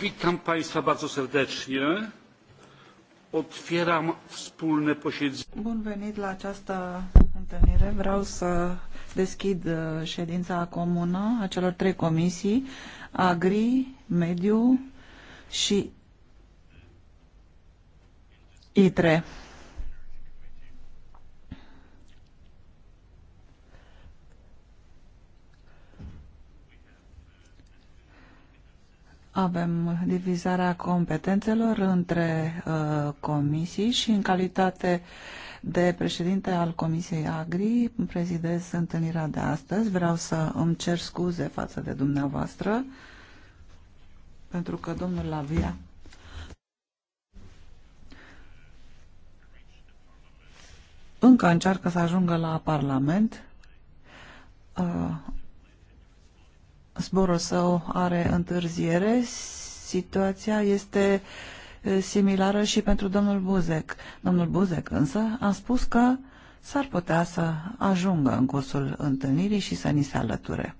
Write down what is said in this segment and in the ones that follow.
witam państwa bardzo serdecznie otwieram wspólne posiedzenie Bun venit la această întâlnire vreau să deschid uh, ședința comună a celor trei comisii Agri, Mediu și ITRE Avem divizarea competențelor între uh, comisii și în calitate de președinte al Comisiei Agri prezidez întâlnirea de astăzi. Vreau să îmi cer scuze față de dumneavoastră pentru că domnul Lavia încă încearcă să ajungă la Parlament. Uh, zborul său are întârziere. Situația este similară și pentru domnul Buzek. Domnul Buzek însă a spus că s-ar putea să ajungă în cursul întâlnirii și să ni se alăture.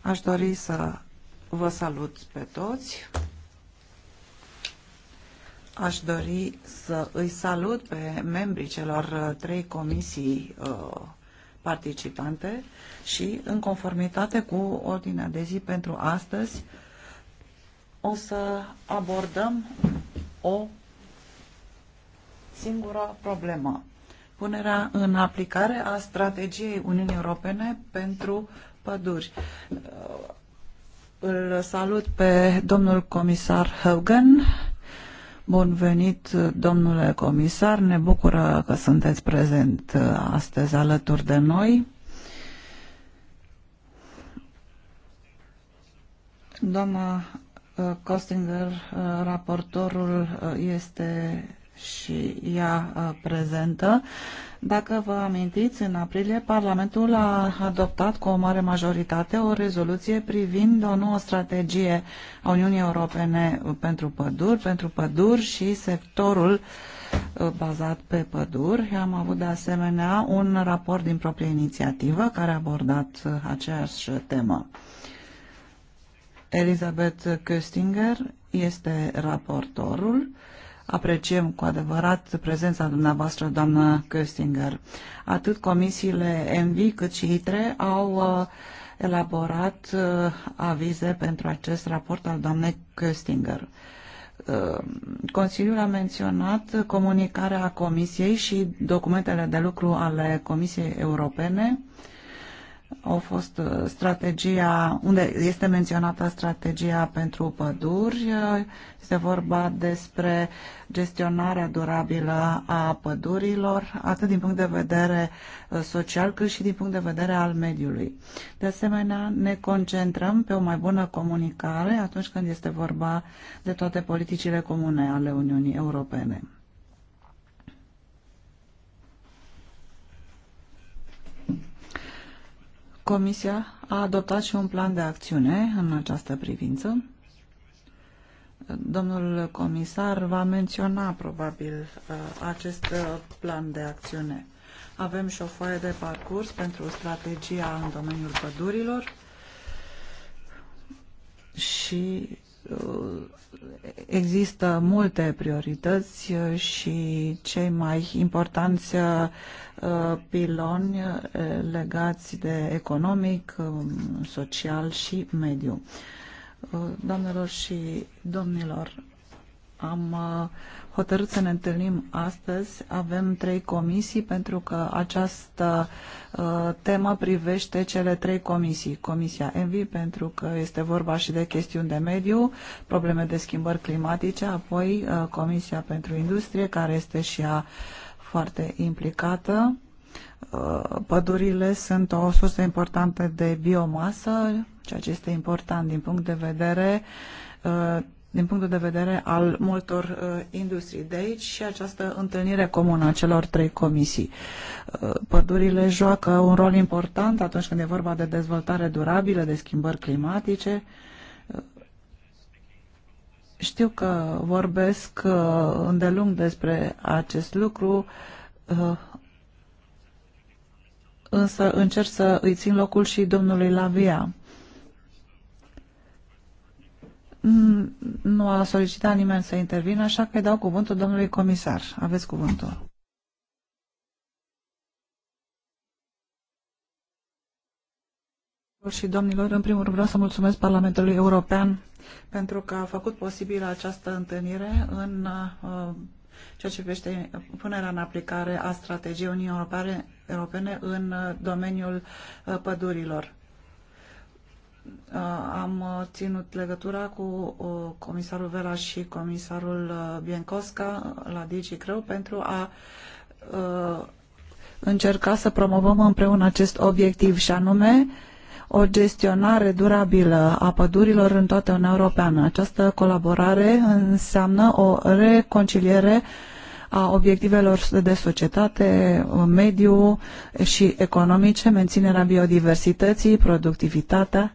Aș dori să vă salut pe toți. Aș dori să îi salut pe membrii celor trei comisii uh, participante și în conformitate cu ordinea de zi pentru astăzi o să abordăm o singură problemă. Punerea în aplicare a strategiei Uniunii Europene pentru păduri. Îl salut pe domnul comisar Hogan Bun venit, domnule comisar, ne bucură că sunteți prezent uh, astăzi alături de noi. Doamna Costinger, uh, uh, raportorul, este și ea uh, prezentă. Dacă vă amintiți, în aprilie Parlamentul a adoptat cu o mare majoritate o rezoluție privind o nouă strategie a Uniunii Europene pentru păduri, pentru păduri și sectorul uh, bazat pe păduri. Am avut de asemenea un raport din proprie inițiativă care a abordat uh, aceeași temă. Elizabeth Köstinger este raportorul Apreciem cu adevărat prezența dumneavoastră, doamnă Köstinger. Atât comisiile ENVI cât și ITRE au uh, elaborat uh, avize pentru acest raport al doamnei Köstinger. Uh, Consiliul a menționat comunicarea Comisiei și documentele de lucru ale Comisiei Europene uh, au fost uh, strategia, unde este menționată strategia pentru păduri, uh, este vorba despre gestionarea durabilă a pădurilor, atât din punct de vedere uh, social, cât și din punct de vedere al mediului. De asemenea, ne concentrăm pe o mai bună comunicare atunci când este vorba de toate politicile comune ale Uniunii Europene. Comisia a adoptat și un plan de acțiune în această privință. Domnul comisar va menționa probabil acest plan de acțiune. Avem și o foaie de parcurs pentru strategia în domeniul pădurilor și uh, există multe priorități uh, și cei mai importanți uh, Uh, piloni uh, legați de economic, um, social și mediu. Uh, doamnelor și domnilor, am hotărât să ne întâlnim astăzi. Avem trei comisii pentru că această temă privește cele trei comisii. Comisia ENVI pentru că este vorba și de chestiuni de mediu, probleme de schimbări climatice, apoi Comisia pentru Industrie care este și a foarte implicată. Uh, pădurile sunt o sursă importantă de biomasă, ceea ce este important din punct de vedere uh, din punctul de vedere al multor uh, industrii. De aici și această întâlnire comună a celor trei comisii. Uh, pădurile joacă un rol important atunci când e vorba de dezvoltare durabilă, de schimbări climatice. Uh, știu că vorbesc uh, îndelung despre acest lucru, uh, însă încerc să îi țin locul și domnului Lavia. Nu a solicitat nimeni să intervină, așa că îi dau cuvântul domnului comisar. Aveți cuvântul. și domnilor, în primul rând vreau să mulțumesc Parlamentului European pentru că a făcut posibilă această întâlnire în uh, ceea ce privește punerea în aplicare a strategiei Uniunii Europene, Europene în uh, domeniul uh, pădurilor. Am ținut legătura cu comisarul Vela și comisarul Biencosca la DigiCreu pentru a încerca să promovăm împreună acest obiectiv și anume uh, o gestionare durabilă a pădurilor în toată Uniunea Europeană. Această colaborare înseamnă o reconciliere a obiectivelor de societate, mediu și economice, menținerea biodiversității, productivitatea,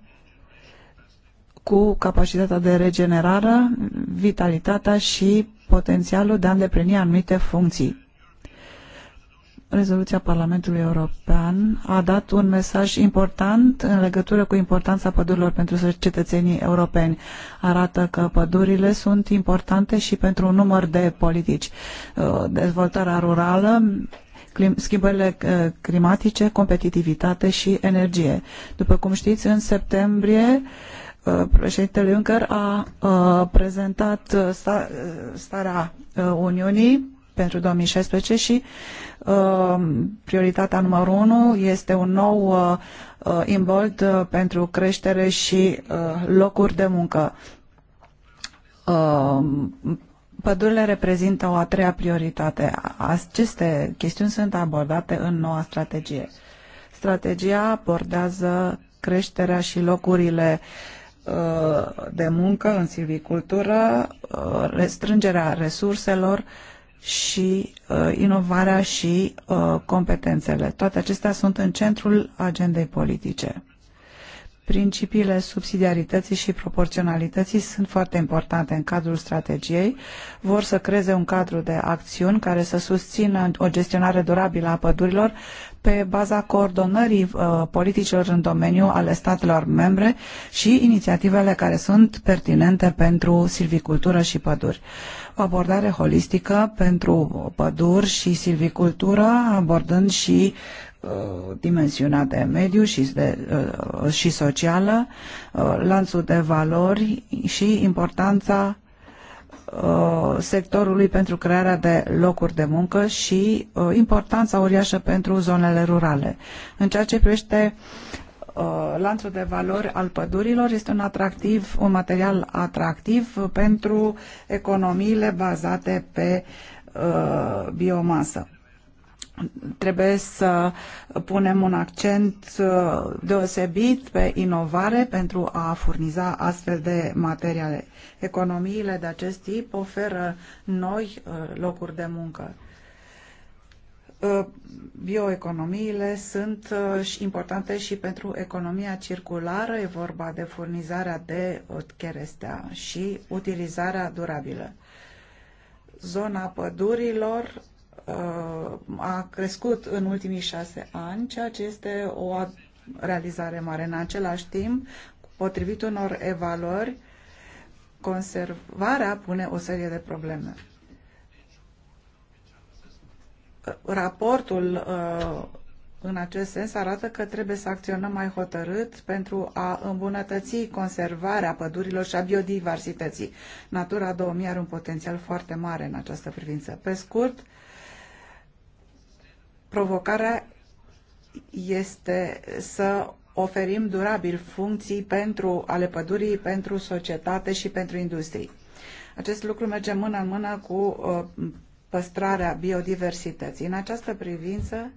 cu capacitatea de regenerare, vitalitatea și potențialul de a îndeplini anumite funcții rezoluția Parlamentului European a dat un mesaj important în legătură cu importanța pădurilor pentru cetățenii europeni. Arată că pădurile sunt importante și pentru un număr de politici. Uh, dezvoltarea rurală, schimbările uh, climatice, competitivitate și energie. După cum știți, în septembrie uh, președintele Juncker a prezentat starea Uniunii pentru 2016 și uh, prioritatea numărul 1 este un nou uh, uh, imbold uh, pentru creștere și uh, locuri de muncă. Uh, Pădurile reprezintă o a treia prioritate. Aceste chestiuni sunt abordate în noua strategie. Strategia abordează creșterea și locurile uh, de muncă în silvicultură, uh, restrângerea resurselor, și uh, inovarea și uh, competențele. Toate acestea sunt în centrul agendei politice. Principiile subsidiarității și proporționalității sunt foarte importante în cadrul strategiei. Vor să creeze un cadru de acțiuni care să susțină o gestionare durabilă a pădurilor, pe baza coordonării uh, politicilor în domeniu ale statelor membre și inițiativele care sunt pertinente pentru silvicultură și păduri. O abordare holistică pentru păduri și silvicultură, abordând și uh, dimensiunea de mediu și, de, uh, și socială, lanțul de valori și importanța Uh, sectorului pentru crearea de locuri de muncă și uh, importanța uriașă pentru zonele rurale. În ceea ce privește uh, lanțul de valori al pădurilor este un, atractiv, un material atractiv pentru economiile bazate pe uh, biomasă. Trebuie să punem un accent deosebit pe inovare pentru a furniza astfel de materiale. Economiile de acest tip oferă noi uh, locuri de muncă. Uh, bioeconomiile sunt uh, importante și pentru economia circulară, e vorba de furnizarea de cherestea și utilizarea durabilă. Zona pădurilor a crescut în ultimii șase ani, ceea ce este o realizare mare. În același timp, potrivit unor evaluări, conservarea pune o serie de probleme. Raportul uh, în acest sens arată că trebuie să acționăm mai hotărât pentru a îmbunătăți conservarea pădurilor și a biodiversității. Natura 2000 are un potențial foarte mare în această privință. Pe scurt, provocarea este să oferim durabil funcții pentru ale pădurii, pentru societate și pentru industrii. Acest lucru merge mână în mână cu uh, păstrarea biodiversității. În această privință,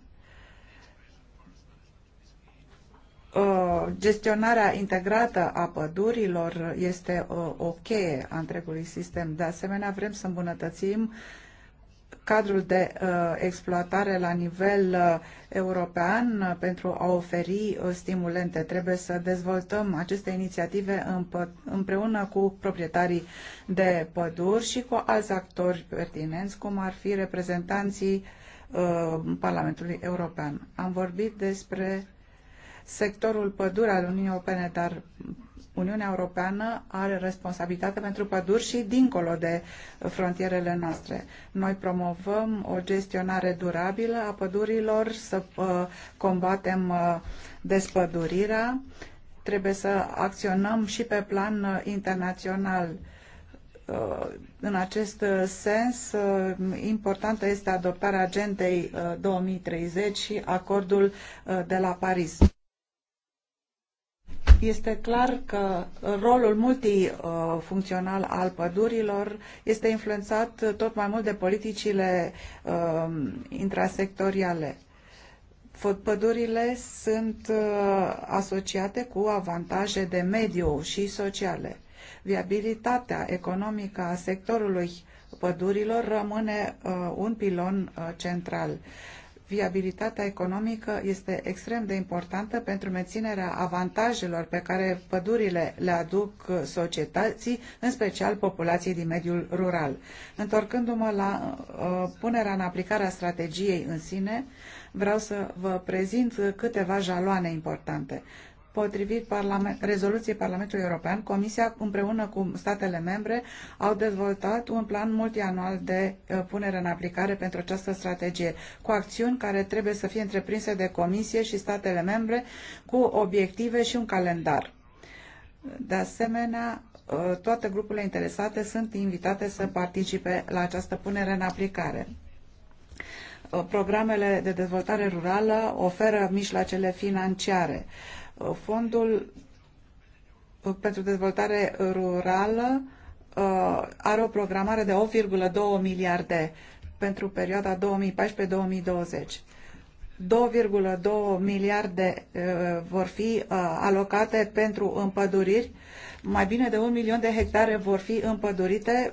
uh, gestionarea integrată a pădurilor este uh, o cheie a întregului sistem. De asemenea, vrem să îmbunătățim cadrul de uh, exploatare la nivel uh, european uh, pentru a oferi uh, stimulente. Trebuie să dezvoltăm aceste inițiative împreună cu proprietarii de păduri și cu alți actori pertinenți, cum ar fi reprezentanții uh, Parlamentului European. Am vorbit despre sectorul pădure al Uniunii Europene, dar Uniunea Europeană are responsabilitate pentru păduri și dincolo de frontierele noastre. Noi promovăm o gestionare durabilă a pădurilor, să uh, combatem uh, despădurirea, trebuie să acționăm și pe plan uh, internațional. În acest sens, importantă este adoptarea agendei 2030 și acordul de la Paris. Este clar că rolul multifuncțional al pădurilor este influențat tot mai mult de politicile um, intrasectoriale. Pădurile sunt uh, asociate cu avantaje de mediu și sociale. Viabilitatea economică a sectorului pădurilor rămâne uh, un pilon uh, central viabilitatea economică este extrem de importantă pentru menținerea avantajelor pe care pădurile le aduc societății, în special populației din mediul rural. Întorcându-mă la uh, punerea în aplicare a strategiei în sine, vreau să vă prezint câteva jaloane importante. Potrivit parlament, rezoluției Parlamentului European, Comisia împreună cu statele membre au dezvoltat un plan multianual de uh, punere în aplicare pentru această strategie, cu acțiuni care trebuie să fie întreprinse de Comisie și statele membre cu obiective și un calendar. De asemenea, uh, toate grupurile interesate sunt invitate să participe la această punere în aplicare uh, programele de dezvoltare rurală oferă mijloacele financiare. Fondul uh, pentru dezvoltare rurală uh, are o programare de 8,2 miliarde pentru perioada 2014-2020. 2,2 miliarde uh, vor fi alocate pentru împăduriri, mai bine de un milion de hectare vor fi împădurite,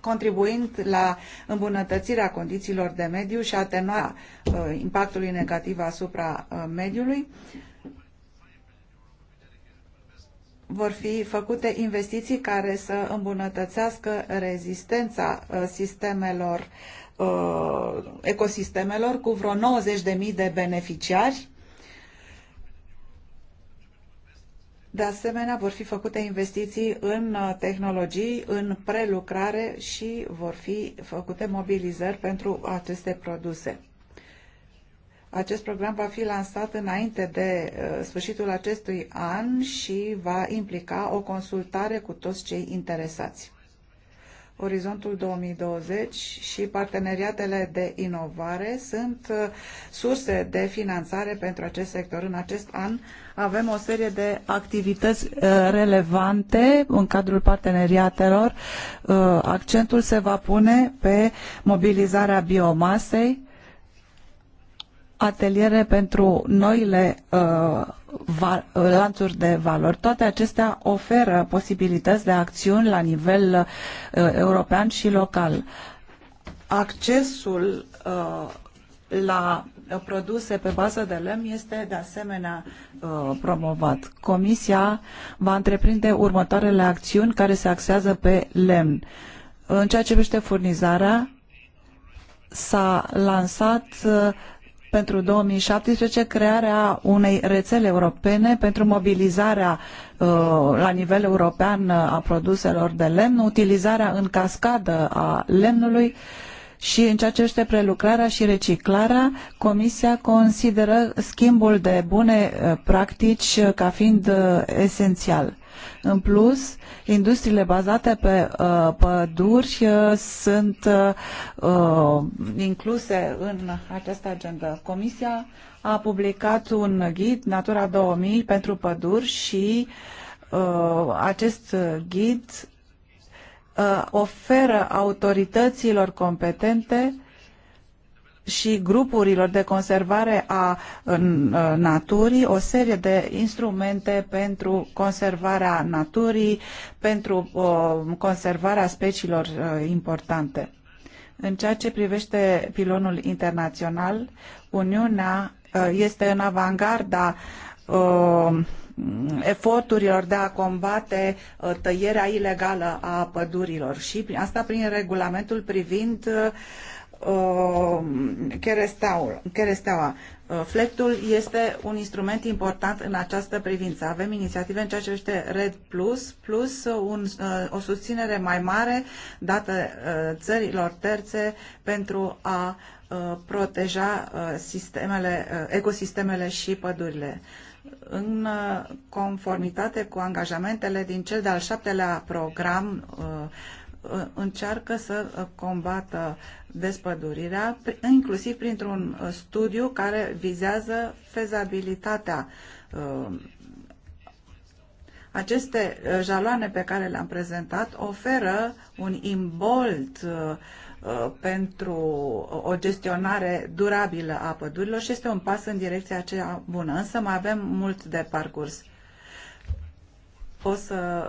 contribuind la îmbunătățirea condițiilor de mediu și atenuarea impactului negativ asupra mediului vor fi făcute investiții care să îmbunătățească rezistența uh, sistemelor, uh, ecosistemelor cu vreo 90.000 de beneficiari. De asemenea, vor fi făcute investiții în uh, tehnologii, în prelucrare și vor fi făcute mobilizări pentru aceste produse. Acest program va fi lansat înainte de uh, sfârșitul acestui an și va implica o consultare cu toți cei interesați. Orizontul 2020 și parteneriatele de inovare sunt uh, surse de finanțare pentru acest sector. În acest an avem o serie de activități uh, relevante în cadrul parteneriatelor. Accentul se va pune pe mobilizarea biomasei, ateliere pentru noile uh, uh, lanțuri de valori. Toate acestea oferă posibilități de acțiuni la nivel uh, european și local. Accesul uh, la produse pe bază de lemn este de asemenea uh, promovat. Comisia va întreprinde următoarele acțiuni care se axează pe lemn. În ceea ce privește furnizarea, s-a lansat uh, pentru 2017 crearea unei rețele europene pentru mobilizarea uh, la nivel european uh, a produselor de lemn, utilizarea în cascadă a lemnului și în ceea ce este prelucrarea și reciclarea, Comisia consideră schimbul de bune uh, practici ca fiind esențial în plus, industriile bazate pe uh, păduri uh, sunt uh, uh, incluse în această agendă. Comisia a publicat un ghid Natura 2000 pentru păduri și uh, acest ghid uh, oferă autorităților competente și grupurilor de conservare a naturii o serie de instrumente pentru conservarea naturii, pentru conservarea speciilor importante. În ceea ce privește pilonul internațional, Uniunea este în avangarda eforturilor de a combate tăierea ilegală a pădurilor și asta prin regulamentul privind Uh, Cheresteaua. Uh, flectul este un instrument important în această privință. Avem inițiative în ceea ce este Red Plus, plus un, uh, o susținere mai mare dată țărilor terțe pentru a proteja sistemele, ecosistemele și pădurile. În conformitate cu angajamentele din cel de-al șaptelea program Uh, încearcă să uh, combată despădurirea, inclusiv printr-un uh, studiu care vizează fezabilitatea. Aceste jaloane pe care le-am prezentat oferă un imbolt pentru o gestionare durabilă a pădurilor și este un pas în direcția aceea bună, însă mai avem mult de parcurs. O să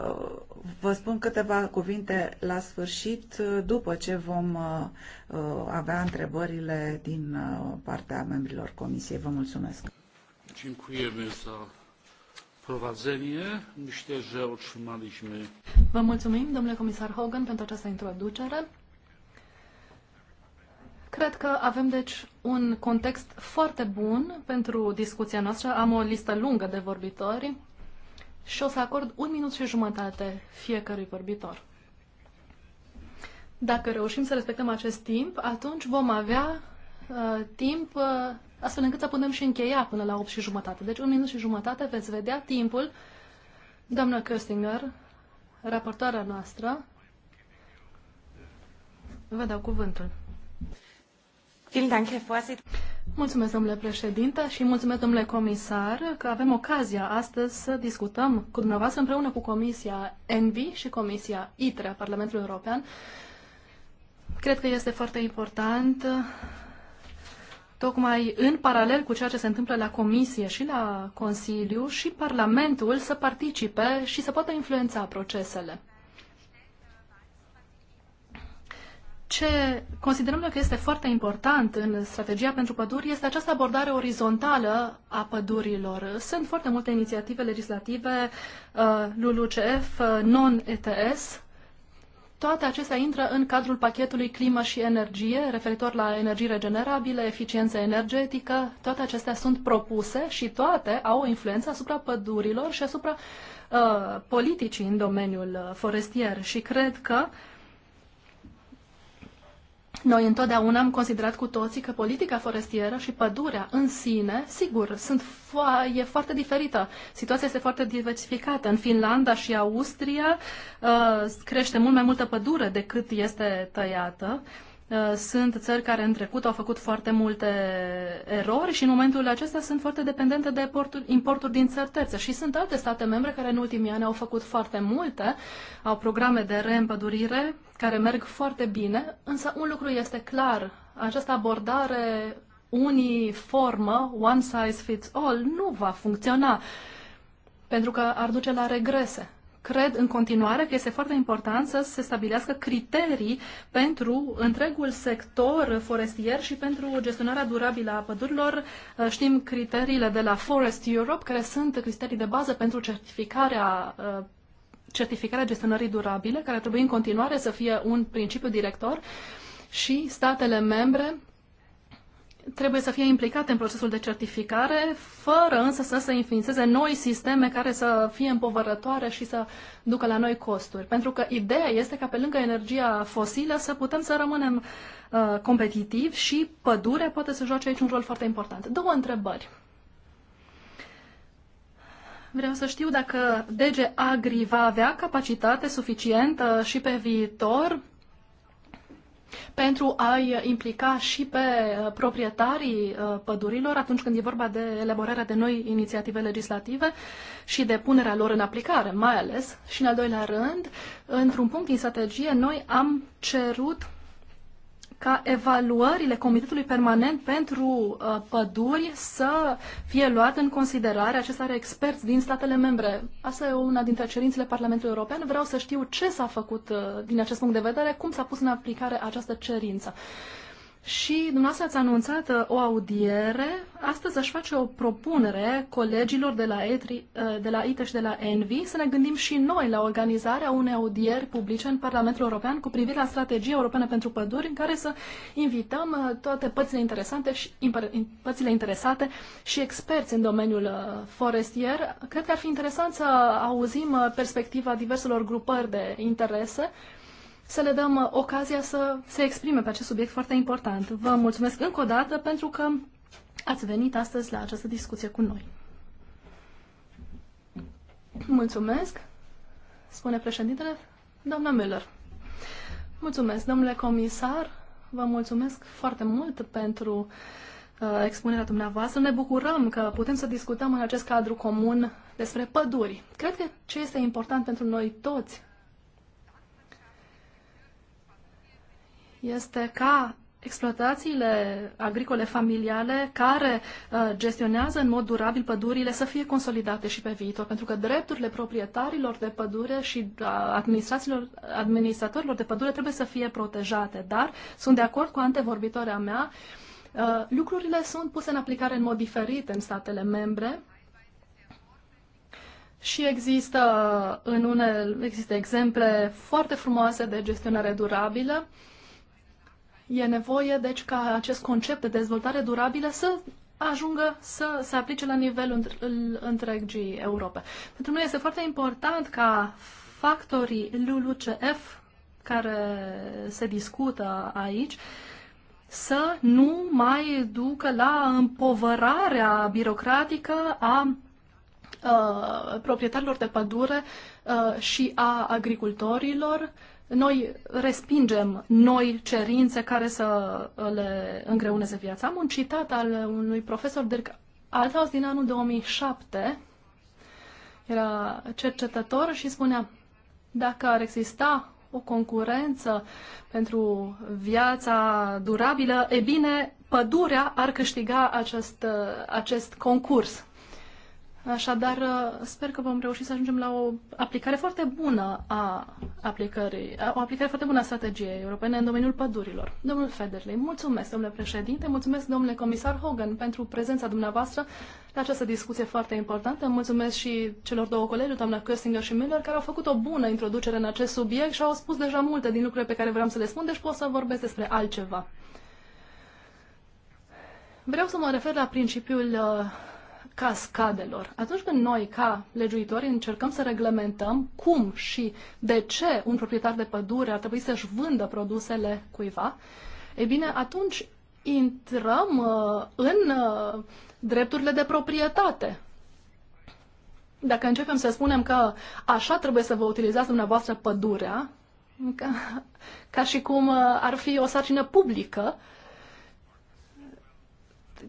vă spun câteva cuvinte la sfârșit, după ce vom uh, uh, avea întrebările din uh, partea membrilor Comisiei. Vă mulțumesc! Vă mulțumim, domnule comisar Hogan, pentru această introducere. Cred că avem, deci, un context foarte bun pentru discuția noastră. Am o listă lungă de vorbitori și o să acord un minut și jumătate fiecărui vorbitor. Dacă reușim să respectăm acest timp, atunci vom avea uh, timp uh, astfel încât să putem și încheia până la 8 și jumătate. Deci un minut și jumătate veți vedea timpul. Doamna Köstinger, raportoarea noastră, vă dau cuvântul. Vielen Dank, Herr Mulțumesc, domnule președinte, și mulțumesc, domnule comisar, că avem ocazia astăzi să discutăm cu dumneavoastră împreună cu Comisia ENVI și Comisia ITRE a Parlamentului European. Cred că este foarte important tocmai în paralel cu ceea ce se întâmplă la Comisie și la Consiliu și Parlamentul să participe și să poată influența procesele. ce considerăm noi că este foarte important în strategia pentru păduri este această abordare orizontală a pădurilor. Sunt foarte multe inițiative legislative, uh, LULUCF, uh, non-ETS, toate acestea intră în cadrul pachetului climă și energie, referitor la energii regenerabile, eficiență energetică. Toate acestea sunt propuse și toate au o influență asupra pădurilor și asupra uh, politicii în domeniul uh, forestier. Și cred că uh, noi întotdeauna am considerat cu toții că politica forestieră și pădurea în sine, sigur, sunt fo- e foarte diferită. Situația este foarte diversificată. În Finlanda și Austria uh, crește mult mai multă pădure decât este tăiată. Uh, sunt țări care în trecut au făcut foarte multe erori și în momentul acesta sunt foarte dependente de importuri din țări terțe. Și sunt alte state membre care în ultimii ani au făcut foarte multe, au programe de reîmpădurire care merg foarte bine, însă un lucru este clar, această abordare uniformă, one size fits all, nu va funcționa, pentru că ar duce la regrese. Cred în continuare că este foarte important să se stabilească criterii pentru întregul sector forestier și pentru gestionarea durabilă a pădurilor. Știm criteriile de la Forest Europe, care sunt criterii de bază pentru certificarea uh, certificarea gestionării durabile, care trebuie în continuare să fie un principiu director și statele membre trebuie să fie implicate în procesul de certificare, fără însă să se înființeze noi sisteme care să fie împovărătoare și să ducă la noi costuri. Pentru că ideea este ca pe lângă energia fosilă să putem să rămânem uh, competitivi și pădurea poate să joace aici un rol foarte important. Două întrebări. Vreau să știu dacă DG Agri va avea capacitate suficientă și pe viitor pentru a-i implica și pe uh, proprietarii uh, pădurilor atunci când e vorba de elaborarea de noi inițiative legislative și de punerea lor în aplicare, mai ales. Și în al doilea rând, într-un punct din strategie, noi am cerut ca evaluările Comitetului Permanent pentru uh, Păduri să fie luate în considerare. Acesta are experți din statele membre. Asta e una dintre cerințele Parlamentului European. Vreau să știu ce s-a făcut uh, din acest punct de vedere, cum s-a pus în aplicare această cerință. Și dumneavoastră ați anunțat uh, o audiere. Astăzi aș face o propunere colegilor de la, ETRI, uh, de la ITE și de la ENVI să ne gândim și noi la organizarea unei audieri publice în Parlamentul European cu privire la strategia europeană pentru păduri, în care să invităm uh, toate părțile, interesante și, părțile interesate și experți în domeniul forestier. Cred că ar fi interesant să auzim perspectiva diverselor grupări de interese să le dăm uh, ocazia să se exprime pe acest subiect foarte important. Vă mulțumesc încă o dată pentru că ați venit astăzi la această discuție cu noi. Mulțumesc, spune președintele, doamna Müller. Mulțumesc, domnule comisar, vă mulțumesc foarte mult pentru uh, expunerea dumneavoastră. Ne bucurăm că putem să discutăm în acest cadru comun despre păduri. Cred că ce este important pentru noi toți este ca exploatațiile agricole familiale care uh, gestionează în mod durabil pădurile să fie consolidate și pe viitor, pentru că drepturile proprietarilor de pădure și uh, administratorilor de pădure trebuie să fie protejate. Dar sunt de acord cu antevorbitoarea mea, uh, lucrurile sunt puse în aplicare în mod diferit în statele membre, și există în unele, există exemple foarte frumoase de gestionare durabilă, uh, E nevoie, deci, ca acest concept de dezvoltare durabilă să ajungă să se aplice la nivelul întregii Europe. Pentru noi este foarte important ca factorii LULUCF care se discută aici să nu mai ducă la împovărarea birocratică a uh, proprietarilor de pădure uh, și a agricultorilor noi respingem noi cerințe care să le îngreuneze viața. Am un citat al unui profesor Dirk Althaus din anul 2007. Era cercetător și spunea dacă ar exista o concurență pentru viața durabilă, e bine, pădurea ar câștiga acest, acest concurs. Așadar, uh, sper că vom reuși să ajungem la o aplicare foarte bună a aplicării, o aplicare foarte bună a strategiei europene în domeniul pădurilor. Domnul Federley, mulțumesc, domnule președinte, mulțumesc, domnule comisar Hogan, pentru prezența dumneavoastră la această discuție foarte importantă. Mulțumesc și celor două colegi, doamna Köstinger și Miller, care au făcut o bună introducere în acest subiect și au spus deja multe din lucrurile pe care vreau să le spun, deci pot să vorbesc despre altceva. Vreau să mă refer la principiul uh, cascadelor. Atunci când noi, ca legiuitori, încercăm să reglementăm cum și de ce un proprietar de pădure ar trebui să-și vândă produsele cuiva, e bine, atunci intrăm uh, în uh, drepturile de proprietate. Dacă începem să spunem că așa trebuie să vă utilizați dumneavoastră pădurea, ca, ca și cum uh, ar fi o sarcină publică, uh,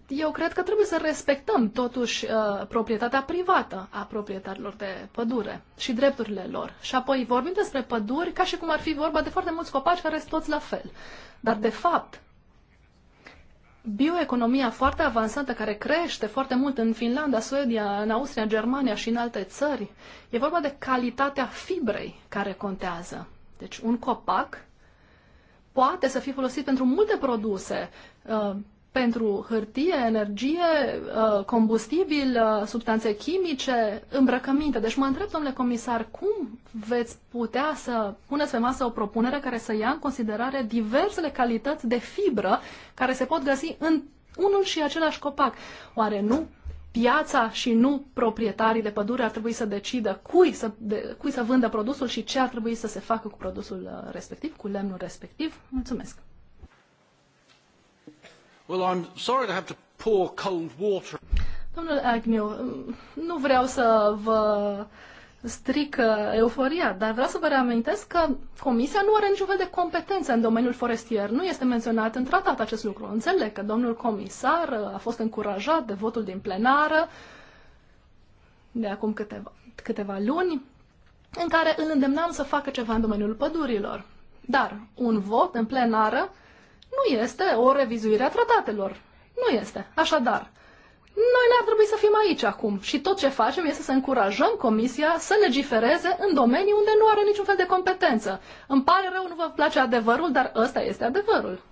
eu cred că trebuie să respectăm totuși uh, proprietatea privată a proprietarilor de pădure și drepturile lor. Și apoi vorbim despre păduri ca și cum ar fi vorba de foarte mulți copaci care sunt toți la fel. Dar de fapt, bioeconomia foarte avansată care crește foarte mult în Finlanda, Suedia, în Austria, în Germania și în alte țări, e vorba de calitatea fibrei care contează. Deci un copac poate să fie folosit pentru multe produse, uh, pentru hârtie, energie, uh, combustibil, uh, substanțe chimice, îmbrăcăminte. Deci mă întreb, domnule comisar, cum veți putea să puneți pe masă o propunere care să ia în considerare diversele calități de fibră care se pot găsi în unul și același copac? Oare nu piața și nu proprietarii de pădure ar trebui să decidă cui să, de, cui să vândă produsul și ce ar trebui să se facă cu produsul uh, respectiv, cu lemnul respectiv? Mulțumesc! Well, I'm sorry to have to pour cold water. Domnule Agnew, nu vreau să vă stric uh, euforia, dar vreau să vă reamintesc că Comisia nu are niciun fel de competență în domeniul forestier. Nu este menționat în tratat acest lucru. Înțeleg că domnul comisar uh, a fost încurajat de votul din plenară de acum câteva, câteva luni, în care îl îndemnam să facă ceva în domeniul pădurilor. Dar un vot în plenară nu este o revizuire a tratatelor. Nu este. Așadar, noi ne ar trebui să fim aici acum și tot ce facem este să încurajăm Comisia să legifereze în domenii unde nu are niciun fel de competență. Îmi pare rău, nu vă place adevărul, dar ăsta este adevărul.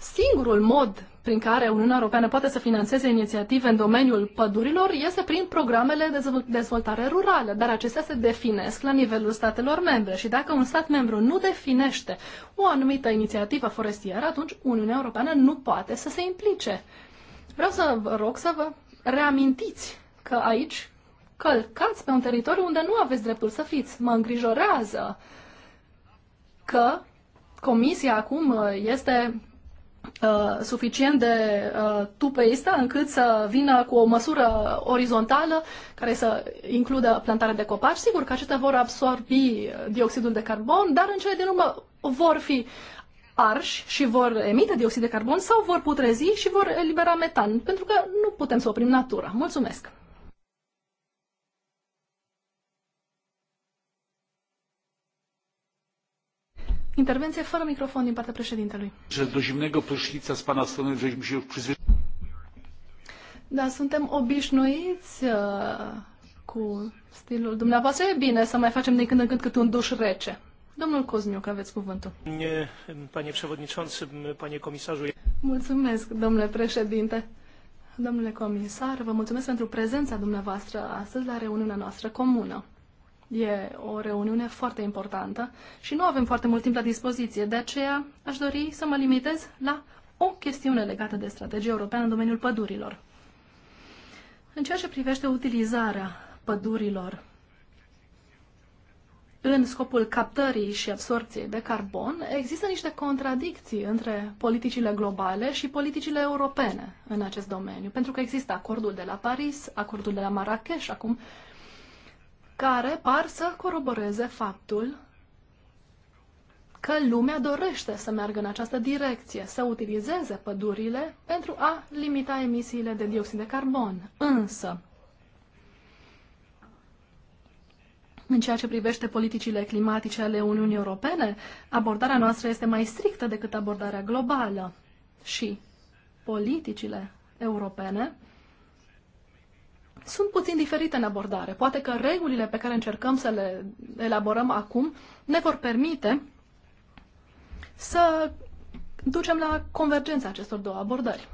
Singurul mod prin care Uniunea Europeană poate să financeze inițiative în domeniul pădurilor este prin programele de dezvoltare rurală, dar acestea se definesc la nivelul statelor membre și dacă un stat membru nu definește o anumită inițiativă forestieră, atunci Uniunea Europeană nu poate să se implice. Vreau să vă rog să vă reamintiți că aici călcați pe un teritoriu unde nu aveți dreptul să fiți. Mă îngrijorează că Comisia acum este Uh, suficient de uh, tupeistă încât să vină cu o măsură orizontală care să includă plantarea de copaci. Sigur că acestea vor absorbi dioxidul de carbon, dar în cele din urmă vor fi arși și vor emite dioxid de carbon sau vor putrezi și vor elibera metan, pentru că nu putem să oprim natura. Mulțumesc! Intervenție fără microfon din partea președintelui. Do zimnego prysznica z pana strony żeśmy się już Da, suntem obișnuiți uh, cu stilul dumneavoastră. E bine să mai facem de când în când cât un duș rece. Domnul Cozmiuc, aveți cuvântul. Panie panie Mulțumesc, domnule președinte. Domnule comisar, vă mulțumesc pentru prezența dumneavoastră astăzi la reuniunea noastră comună. E o reuniune foarte importantă și nu avem foarte mult timp la dispoziție, de aceea aș dori să mă limitez la o chestiune legată de strategia europeană în domeniul pădurilor. În ceea ce privește utilizarea pădurilor în scopul captării și absorpției de carbon, există niște contradicții între politicile globale și politicile europene în acest domeniu, pentru că există acordul de la Paris, acordul de la Marrakesh, acum care par să coroboreze faptul că lumea dorește să meargă în această direcție, să utilizeze pădurile pentru a limita emisiile de dioxid de carbon. Însă, în ceea ce privește politicile climatice ale Uniunii Europene, abordarea noastră este mai strictă decât abordarea globală și politicile europene sunt puțin diferite în abordare. Poate că regulile pe care încercăm să le elaborăm acum ne vor permite să ducem la convergența acestor două abordări.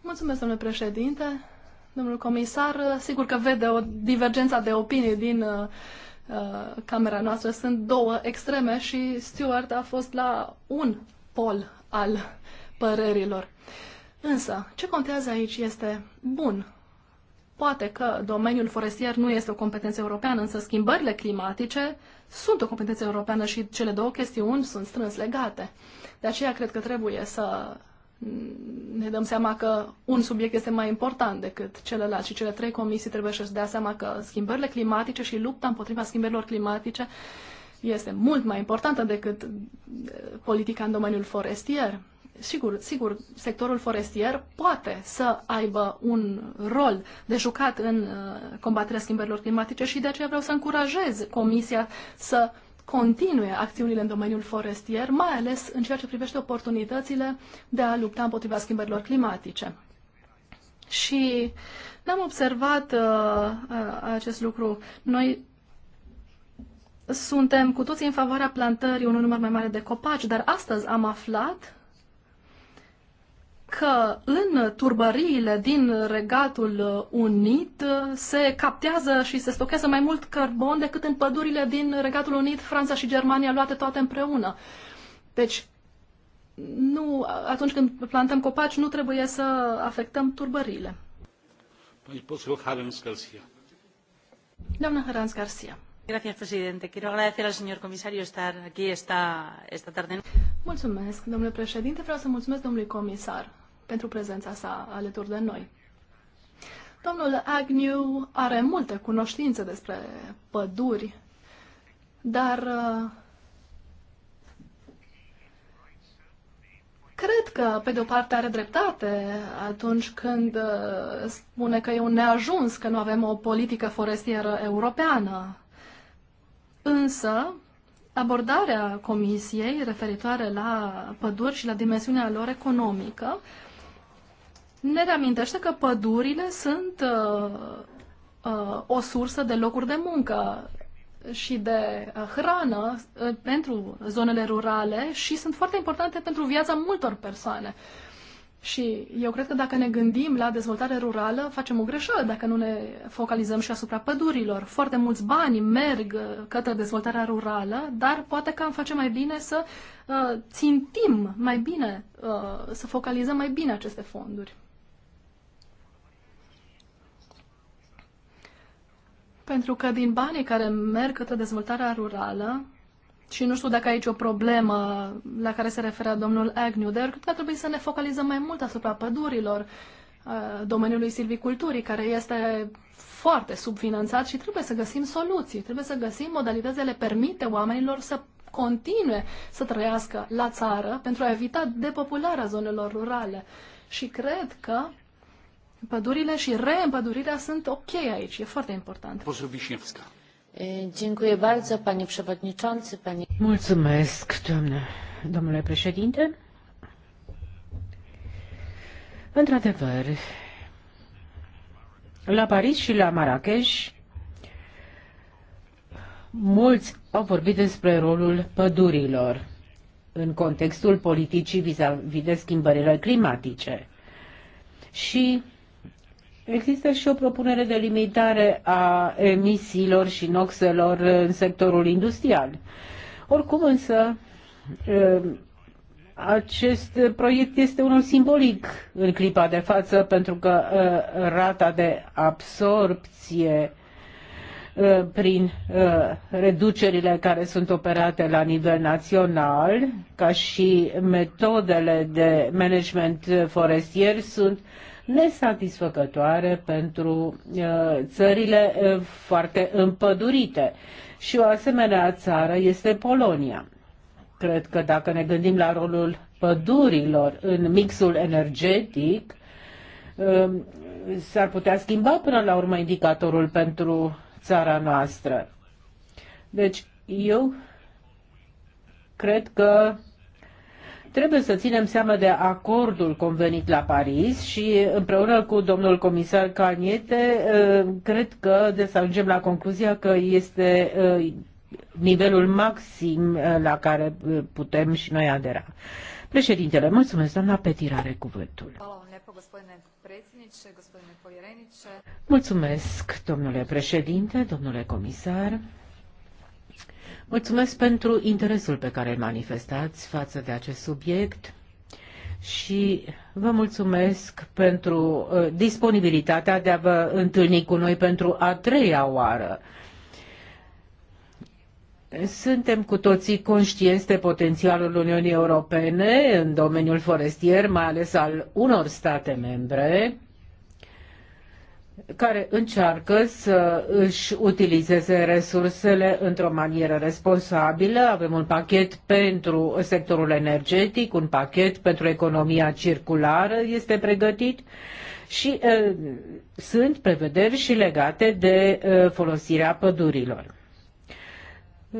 Mulțumesc, domnule președinte. Domnul comisar, sigur că vede o divergență de opinie din uh, uh camera noastră. Sunt două extreme și Stuart a fost la un pol al părerilor. Însă, ce contează aici este, bun, Poate că domeniul forestier nu este o competență europeană, însă schimbările climatice sunt o competență europeană și cele două chestiuni sunt strâns legate. De aceea cred că trebuie să ne dăm seama că un subiect este mai important decât celălalt și cele trei comisii trebuie să-și dea seama că schimbările climatice și lupta împotriva schimbărilor climatice este mult mai importantă decât politica în domeniul forestier sigur, sigur, sectorul forestier poate să aibă un rol de jucat în uh, combaterea schimbărilor climatice și de aceea vreau să încurajez Comisia să continue acțiunile în domeniul forestier, mai ales în ceea ce privește oportunitățile de a lupta împotriva schimbărilor climatice. Și n-am observat uh, uh, acest lucru. Noi suntem cu toții în favoarea plantării unui număr mai mare de copaci, dar astăzi am aflat că în turbăriile din Regatul Unit uh, se captează și se stochează mai mult cărbon decât în pădurile din Regatul Unit, Franța și Germania luate toate împreună. Deci, nu, atunci când plantăm copaci, nu trebuie să afectăm turbările. Doamna Harans Garcia. Gracias, presidente. Quiero agradecer al señor comisario estar aquí esta, esta tarde. Mulțumesc, domnule președinte. Vreau să mulțumesc domnului comisar pentru prezența sa alături de noi. Domnul Agnew are multe cunoștințe despre păduri, dar uh, Cred că, pe de o parte, are dreptate atunci când uh, spune că e un neajuns, că nu avem o politică forestieră europeană. Însă, abordarea Comisiei referitoare la păduri și la dimensiunea lor economică ne reamintește că pădurile sunt uh, uh, o sursă de locuri de muncă și de uh, hrană uh, pentru zonele rurale și sunt foarte importante pentru viața multor persoane. Și eu cred că dacă ne gândim la dezvoltare rurală, facem o greșeală dacă nu ne focalizăm și asupra pădurilor. Foarte mulți bani merg uh, către dezvoltarea rurală, dar poate că am face mai bine să uh, țintim mai bine, uh, să focalizăm mai bine aceste fonduri. Pentru că din banii care merg către dezvoltarea rurală, și nu știu dacă aici o problemă la care se referă domnul Agnew, dar cred că trebuie să ne focalizăm mai mult asupra pădurilor, uh, domeniului silviculturii, care este foarte subfinanțat și trebuie să găsim soluții, trebuie să găsim modalități de le permite oamenilor să continue să trăiască la țară pentru a evita depopularea zonelor rurale. Și cred că Pădurile și reîmpădurirea sunt ok aici. E foarte important. Pozobișnevska. Dziękuję bardzo, panie przewodniczący, panie... Mulțumesc, doamne, domnule președinte. Într-adevăr, la Paris și la Marrakesh, mulți au vorbit despre rolul pădurilor în contextul politicii vis-a-vis -vis de schimbările climatice. Și Există și o propunere de limitare a emisiilor și noxelor în sectorul industrial. Oricum însă, eh, acest proiect este unul simbolic în clipa de față pentru că eh, rata de absorpție eh, prin reducerile care sunt operate la nivel național, ca și metodele de management forestier sunt nesatisfăcătoare pentru uh, țările uh, foarte împădurite. Și o asemenea țară este Polonia. Cred că dacă ne gândim la rolul pădurilor în mixul energetic, um, s-ar putea schimba până la urmă indicatorul pentru țara noastră. Deci, eu cred că Trebuie să ținem seama de acordul convenit la Paris și împreună cu domnul comisar Caniete, uh, cred că de să ajungem la concluzia că este uh, nivelul maxim uh, la care putem și noi adera. Președintele, mulțumesc, doamna Petirare, cuvântul. Mulțumesc, domnule președinte, domnule comisar. Mulțumesc pentru interesul pe care îl manifestați față de acest subiect și vă mulțumesc pentru uh, disponibilitatea de a vă întâlni cu noi pentru a treia oară. Suntem cu toții conștienți de potențialul Uniunii Europene în domeniul forestier, mai ales al unor state membre, care încearcă să își utilizeze resursele într-o manieră responsabilă. Avem un pachet pentru sectorul energetic, un pachet pentru economia circulară este pregătit și uh, sunt prevederi și legate de uh, folosirea pădurilor.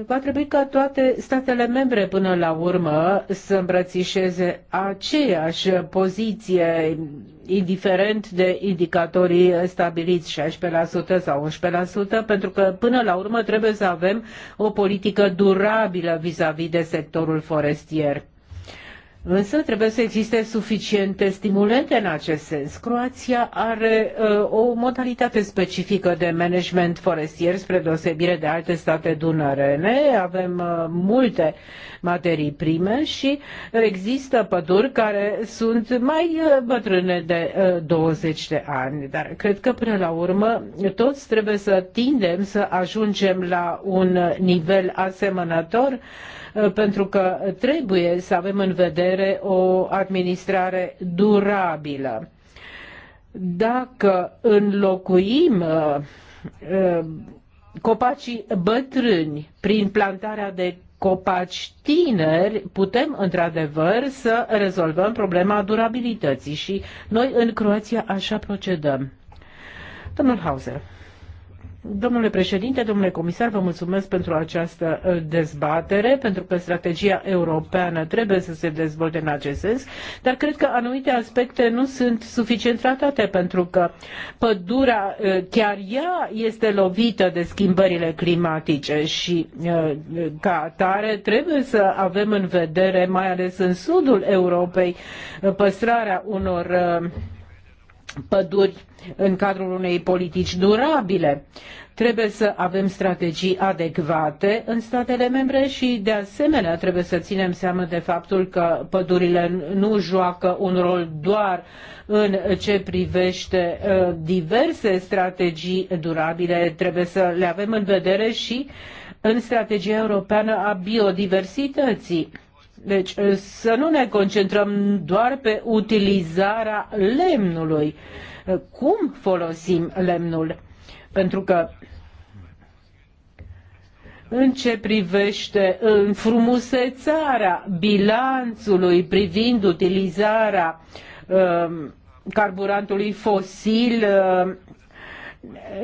Va trebui ca toate statele membre până la urmă să îmbrățișeze aceeași poziție, indiferent de indicatorii stabiliți, 16% sau 11%, pentru că până la urmă trebuie să avem o politică durabilă vis-a-vis -vis de sectorul forestier. Însă trebuie să existe suficiente stimulente în acest sens. Croația are uh, o modalitate specifică de management forestier spre deosebire de alte state dunărene. Avem uh, multe materii prime și există păduri care sunt mai uh, bătrâne de uh, 20 de ani. Dar cred că până la urmă toți trebuie să tindem să ajungem la un nivel asemănător uh, Eh, pentru că trebuie să avem în vedere o administrare durabilă. Dacă înlocuim eh, eh, copacii bătrâni prin plantarea de copaci tineri, putem într-adevăr să rezolvăm problema durabilității și noi în Croația așa procedăm. Domnul Hauser. Domnule președinte, domnule comisar, vă mulțumesc pentru această ă, dezbatere, pentru că strategia europeană trebuie să se dezvolte în acest sens, dar cred că anumite aspecte nu sunt suficient tratate, pentru că pădurea ă, chiar ea este lovită de schimbările climatice și ă, ca atare trebuie să avem în vedere, mai ales în sudul Europei, păstrarea unor păduri în cadrul unei politici durabile. Trebuie să avem strategii adecvate în statele membre și, de asemenea, trebuie să ținem seama de faptul că pădurile nu joacă un rol doar în ce privește uh, diverse strategii durabile, trebuie să le avem în vedere și în strategia europeană a biodiversității deci eh, să nu ne concentrăm doar pe utilizarea lemnului. Eh, cum folosim lemnul? Pentru că în ce privește frumusețarea bilanțului privind utilizarea eh, carburantului fosil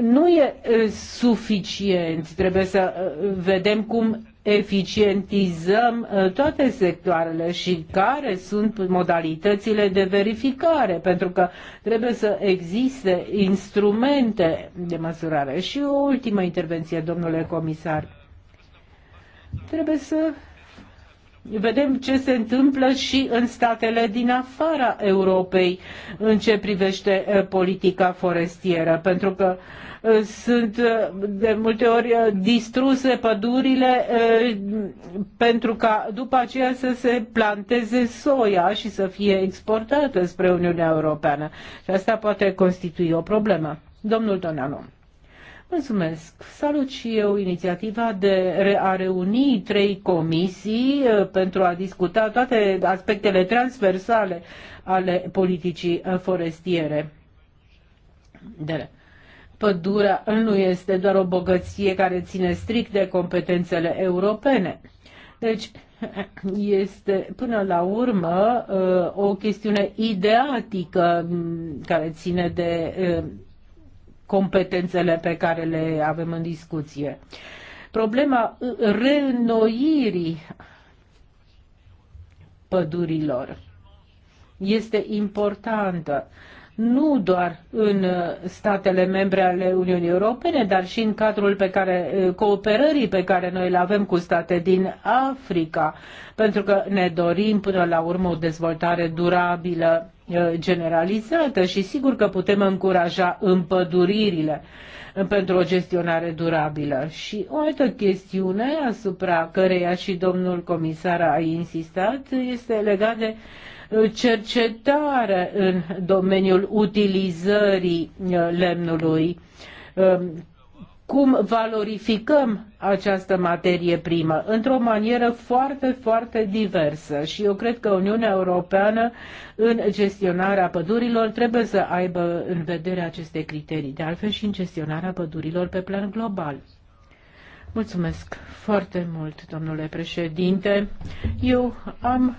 nu e suficient. Trebuie să vedem cum eficientizăm uh, toate sectoarele și care sunt modalitățile de verificare, pentru că trebuie să existe instrumente de măsurare. Și o ultimă intervenție, domnule comisar. Trebuie să vedem ce se întâmplă și în statele din afara Europei în ce privește uh, politica forestieră, pentru că uh, sunt uh, de multe ori uh, distruse pădurile uh, pentru ca după aceea să se planteze soia și să fie exportată spre Uniunea Europeană. Și asta poate constitui o problemă. Domnul Donanu. Mulțumesc. Salut și eu inițiativa de a reuni trei comisii pentru a discuta toate aspectele transversale ale politicii forestiere. De pădurea nu este doar o bogăție care ține strict de competențele europene. Deci, este până la urmă uh, o chestiune ideatică mm, care ține de uh, competențele pe care le avem în discuție. Problema reînnoirii pădurilor este importantă nu doar în uh, statele membre ale Uniunii Europene, dar și în cadrul pe care, uh, cooperării pe care noi le avem cu state din Africa, pentru că ne dorim până la urmă o dezvoltare durabilă uh, generalizată și sigur că putem încuraja împăduririle pentru o gestionare durabilă. Și o altă chestiune asupra căreia și domnul comisar a insistat este legat de uh, cercetare în domeniul utilizării uh, lemnului, um, cum valorificăm această materie primă într-o manieră foarte, foarte diversă. Și eu cred că Uniunea Europeană în gestionarea pădurilor trebuie să aibă în vedere aceste criterii, de altfel și în gestionarea pădurilor pe plan global. Mulțumesc foarte mult, domnule președinte. Eu am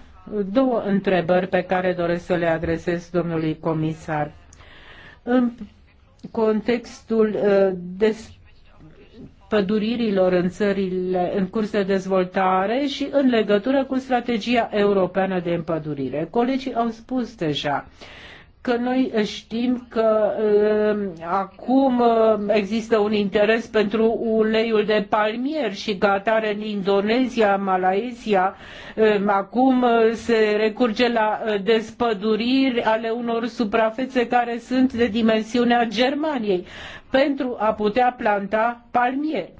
două întrebări pe care doresc să le adresez domnului comisar. În contextul uh, pădurilor în țările în curs de dezvoltare și în legătură cu strategia europeană de împădurire. Colegii au spus deja uh, că noi eh, știm că uh, acum uh, există un interes pentru uleiul de palmier și gatare în Indonezia, Malaezia, uh, acum se recurge la despăduriri ale unor suprafețe care sunt de dimensiunea Germaniei pentru a putea planta palmieri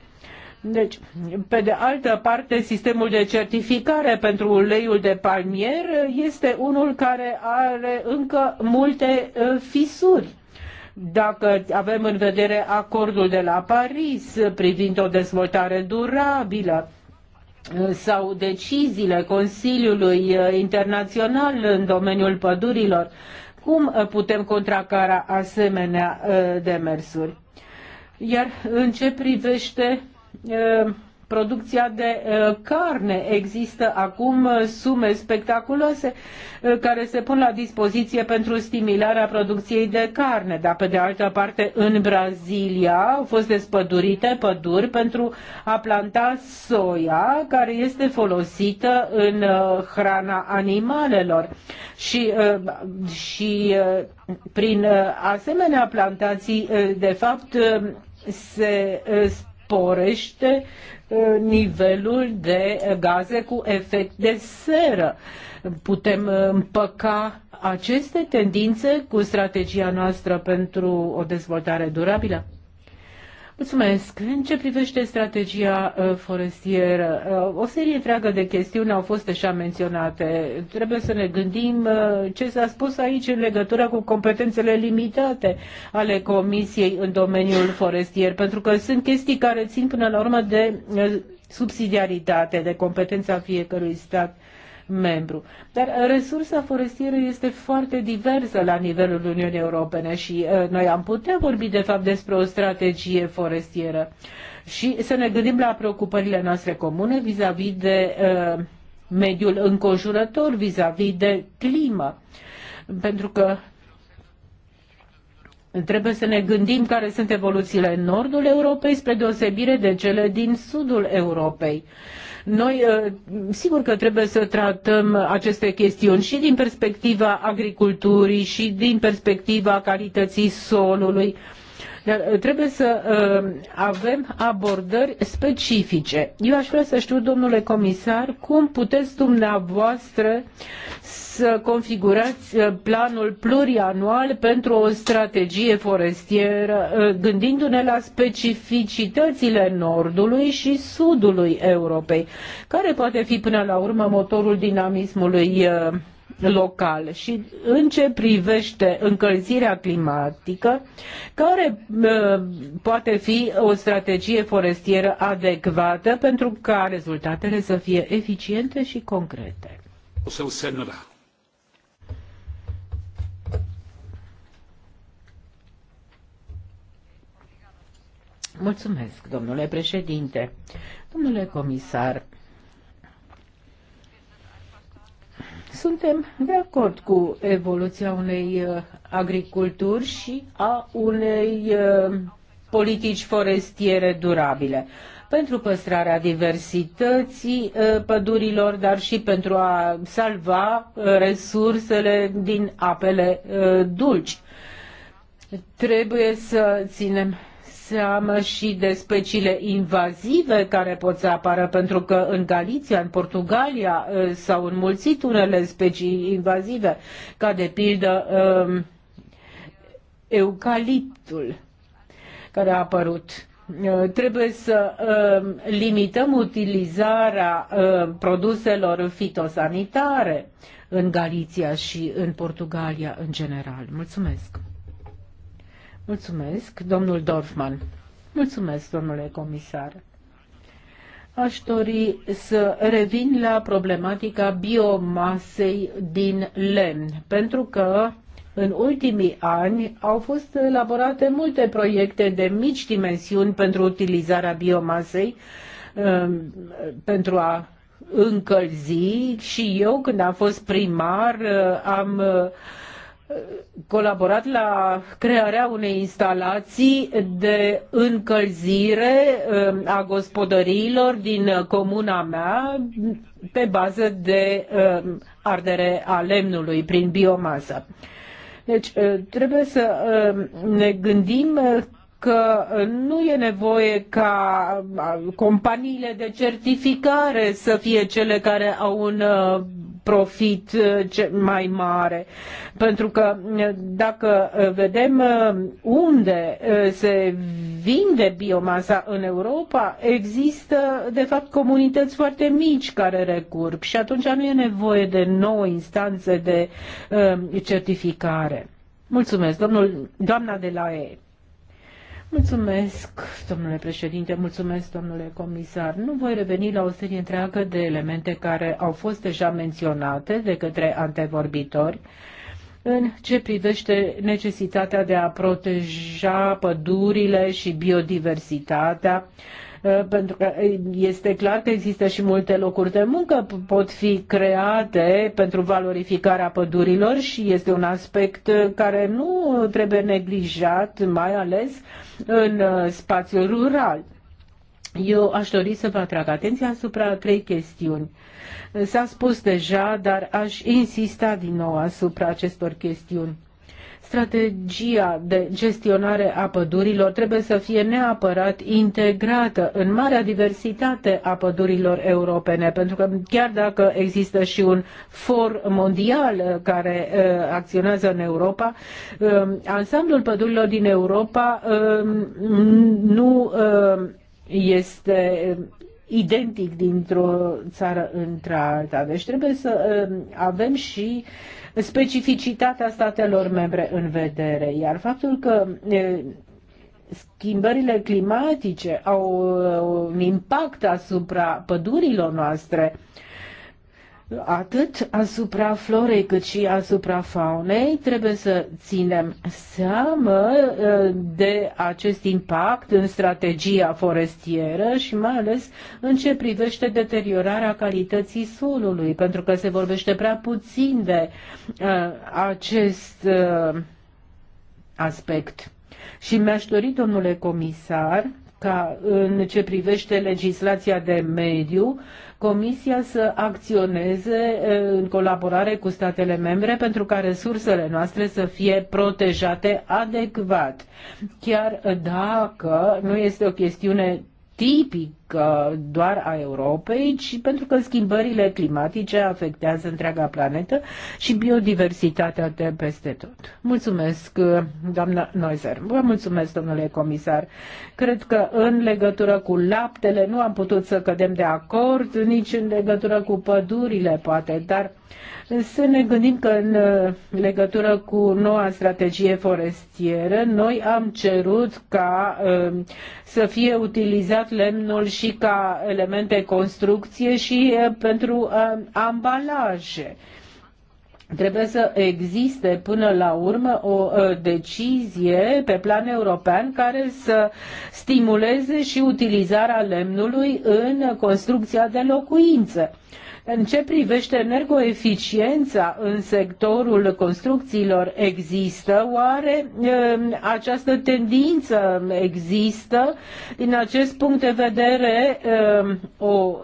deci, pe de altă parte, sistemul de certificare pentru uleiul de palmier este unul care are încă multe uh, fisuri dacă avem în vedere acordul de la Paris privind o dezvoltare durabilă uh, sau deciziile Consiliului uh, Internațional în domeniul pădurilor, cum putem contracara asemenea demersuri? Iar în ce privește producția de carne. Există acum sume spectaculoase care se pun la dispoziție pentru stimularea producției de carne, dar pe de altă parte în Brazilia au fost despădurite păduri pentru a planta soia care este folosită în hrana animalelor și, și prin asemenea plantații de fapt se sporește uh, nivelul de gaze cu efect de seră. Putem uh, împăca aceste tendințe cu strategia noastră pentru o dezvoltare durabilă? Mulțumesc. În ce privește strategia uh, forestieră, uh, o serie întreagă de chestiuni au fost deja menționate. Trebuie să ne gândim uh, ce s-a spus aici în legătură cu competențele limitate ale Comisiei în domeniul forestier, pentru că sunt chestii care țin până la urmă de subsidiaritate, de competența fiecărui stat membru. Dar resursa forestieră este foarte diversă la nivelul Uniunii Europene și uh, noi am putea vorbi de fapt despre o strategie forestieră și să ne gândim la preocupările noastre comune vis-a-vis -vis de uh, mediul înconjurător, vis-a-vis -vis de climă. Pentru că Trebuie să ne gândim care sunt evoluțiile în nordul Europei spre deosebire de cele din sudul Europei. Noi, uh, sigur că trebuie să tratăm aceste chestiuni și din perspectiva agriculturii și din perspectiva calității solului. Dar uh, trebuie să uh, avem abordări specifice. Eu aș vrea să știu, domnule comisar, cum puteți dumneavoastră să configurați uh, planul plurianual pentru o strategie forestieră, gândindu-ne la specificitățile nordului și sudului Europei, care poate fi până la urmă motorul dinamismului uh, local și în ce privește încălzirea climatică, care uh, poate fi o strategie forestieră adecvată pentru ca rezultatele să fie eficiente și concrete. Mulțumesc, domnule președinte. Domnule comisar, Suntem de acord cu evoluția unei uh, agriculturi și a unei uh, politici forestiere durabile pentru păstrarea diversității uh, pădurilor, dar și pentru a salva resursele din apele dulci. Trebuie să ținem seamă și de speciile invazive care pot să apară, pentru că în Galiția, în Portugalia uh, s-au înmulțit unele specii invazive, ca de pildă um, eucaliptul care a apărut uh, trebuie să um, limităm utilizarea uh, produselor fitosanitare în Galiția și în Portugalia în general. Mulțumesc! Mulțumesc, domnul Dorfman. Mulțumesc, domnule comisar. Aș dori să revin la problematica biomasei din lemn, pentru că în ultimii ani au fost elaborate multe proiecte de mici dimensiuni pentru utilizarea biomasei, um, pentru a încălzi și eu când am fost primar uh, am uh, colaborat la crearea unei instalații de încălzire um, a gospodăriilor din comuna mea pe bază de um, ardere a lemnului prin biomasă. Deci uh, trebuie să um, ne gândim că nu e nevoie ca uh, companiile de certificare să fie cele care au un uh, profit uh, mai mare. Pentru că uh, dacă uh, vedem unde se vinde biomasa în Europa, există de fapt comunități foarte mici care recurg și atunci nu e nevoie de nouă instanțe de certificare. Mulțumesc, domnul, doamna de la E. Mulțumesc, domnule președinte, mulțumesc, domnule comisar. Nu voi reveni la o serie întreagă de elemente care au fost deja menționate de către antevorbitori în ce privește necesitatea de a proteja pădurile și biodiversitatea Uh, pentru că uh, este clar că există și multe locuri de muncă pot fi create pentru valorificarea pădurilor și este un aspect uh, care nu trebuie neglijat, mai ales în spațiul rural. Eu aș dori să vă atrag atenția asupra trei chestiuni. S-a spus deja, dar aș insista din nou asupra acestor chestiuni strategia de gestionare a pădurilor trebuie să fie neapărat integrată în marea diversitate a pădurilor europene, pentru că chiar dacă există și un for mondial care uh, acționează în Europa, um, ansamblul pădurilor din Europa um, nu um, este identic dintr-o țară într-alta. Deci trebuie să avem și uh, specificitatea statelor membre în vedere, iar faptul că schimbările climatice au un impact asupra pădurilor noastre, uh, atât asupra florei cât și asupra faunei, trebuie să ținem seamă ă, de acest impact în strategia forestieră și mai ales în ce privește deteriorarea calității solului, pentru că se vorbește prea puțin de ă, acest ă, aspect. Și mi-aș dori, domnule comisar, ca în ce privește legislația de mediu, Comisia să acționeze în colaborare cu statele membre pentru ca resursele noastre să fie protejate adecvat. Chiar dacă nu este o chestiune tipică, doar a Europei, ci pentru că schimbările climatice afectează întreaga planetă și biodiversitatea de peste tot. Mulțumesc, doamna Noizer, Vă mulțumesc, domnule comisar. Cred că în legătură cu laptele nu am putut să cădem de acord, nici în legătură cu pădurile, poate, dar să ne gândim că în legătură cu noua strategie forestieră, noi am cerut ca um, să fie utilizat lemnul și și ca element de construcție și pentru ambalaje. Trebuie să existe până la urmă o decizie pe plan european care să stimuleze și utilizarea lemnului în construcția de locuințe. În ce privește energoeficiența în sectorul construcțiilor, există oare um, această tendință? Există, din acest punct de vedere, um, o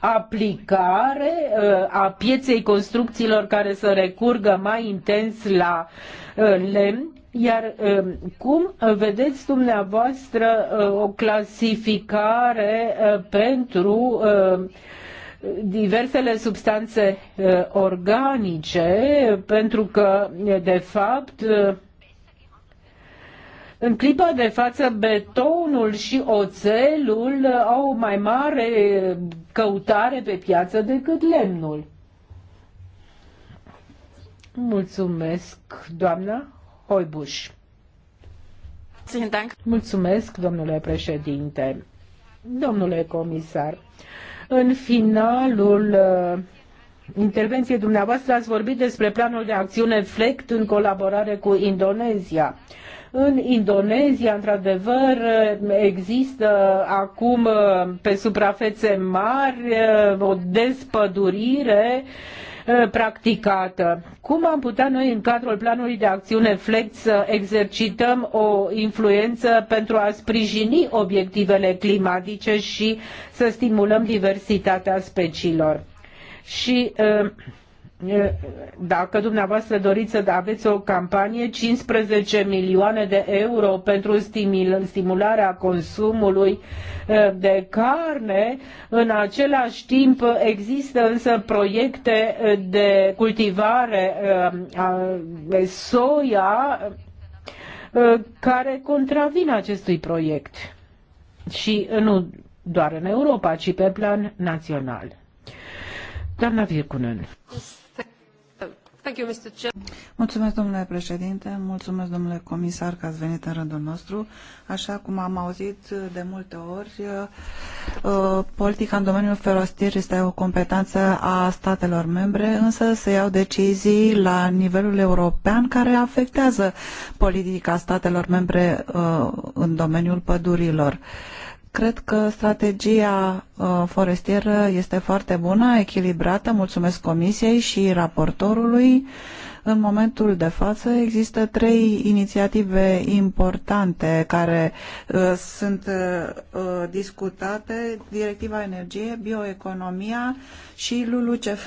aplicare uh, a pieței construcțiilor care să recurgă mai intens la uh, lemn iar um, cum vedeți dumneavoastră uh, o clasificare pentru diversele substanțe uh, organice, pentru că, de fapt, uh, în clipa de față, betonul și oțelul au mai mare căutare pe piață decât lemnul. Mulțumesc, doamna Hoibuș. Mulțumesc, domnule președinte. Domnule comisar, în finalul uh, intervenției dumneavoastră ați vorbit despre planul de acțiune FLECT în colaborare cu Indonezia. În Indonezia, într-adevăr, există acum uh, pe suprafețe mari uh, o despădurire Uh, practicată. Cum am putea noi în cadrul planului de acțiune FLEX să exercităm o influență pentru a sprijini obiectivele climatice și să stimulăm diversitatea speciilor? Și uh, dacă dumneavoastră doriți să aveți o campanie, 15 milioane de euro pentru stimularea consumului de carne. În același timp există însă proiecte de cultivare de soia care contravin acestui proiect. Și nu doar în Europa, ci pe plan național. Doamna Virkunen. Mulțumesc, domnule președinte, mulțumesc, domnule comisar, că ați venit în rândul nostru. Așa cum am auzit de multe ori, uh, politica în domeniul ferostier este o competență a statelor membre, însă se iau decizii la nivelul european care afectează politica statelor membre uh, în domeniul pădurilor. Cred că strategia uh, forestieră este foarte bună, echilibrată. Mulțumesc Comisiei și raportorului. În momentul de față există trei inițiative importante care uh, sunt uh, uh discutate, Directiva Energie, Bioeconomia și LULUCF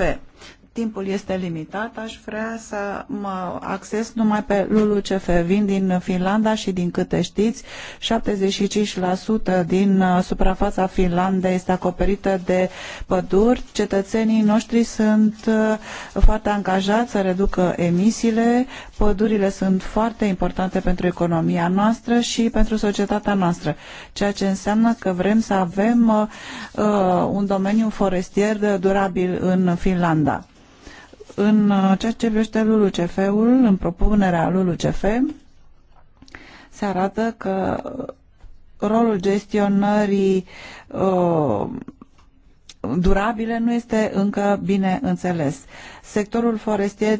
timpul este limitat, aș vrea să mă acces numai pe LULUCF. Vin din Finlanda și din câte știți, 75% din uh, suprafața Finlandei este acoperită de păduri. Cetățenii noștri sunt uh, foarte angajați să reducă emisiile. Pădurile sunt foarte importante pentru economia noastră și pentru societatea noastră, ceea ce înseamnă că vrem să avem uh, uh un domeniu forestier durabil în Finlanda. În uh, ceea ce privește LULUCF-ul, în propunerea LULUCF, se arată că uh, rolul gestionării uh, durabile nu este încă bine înțeles. Sectorul forestier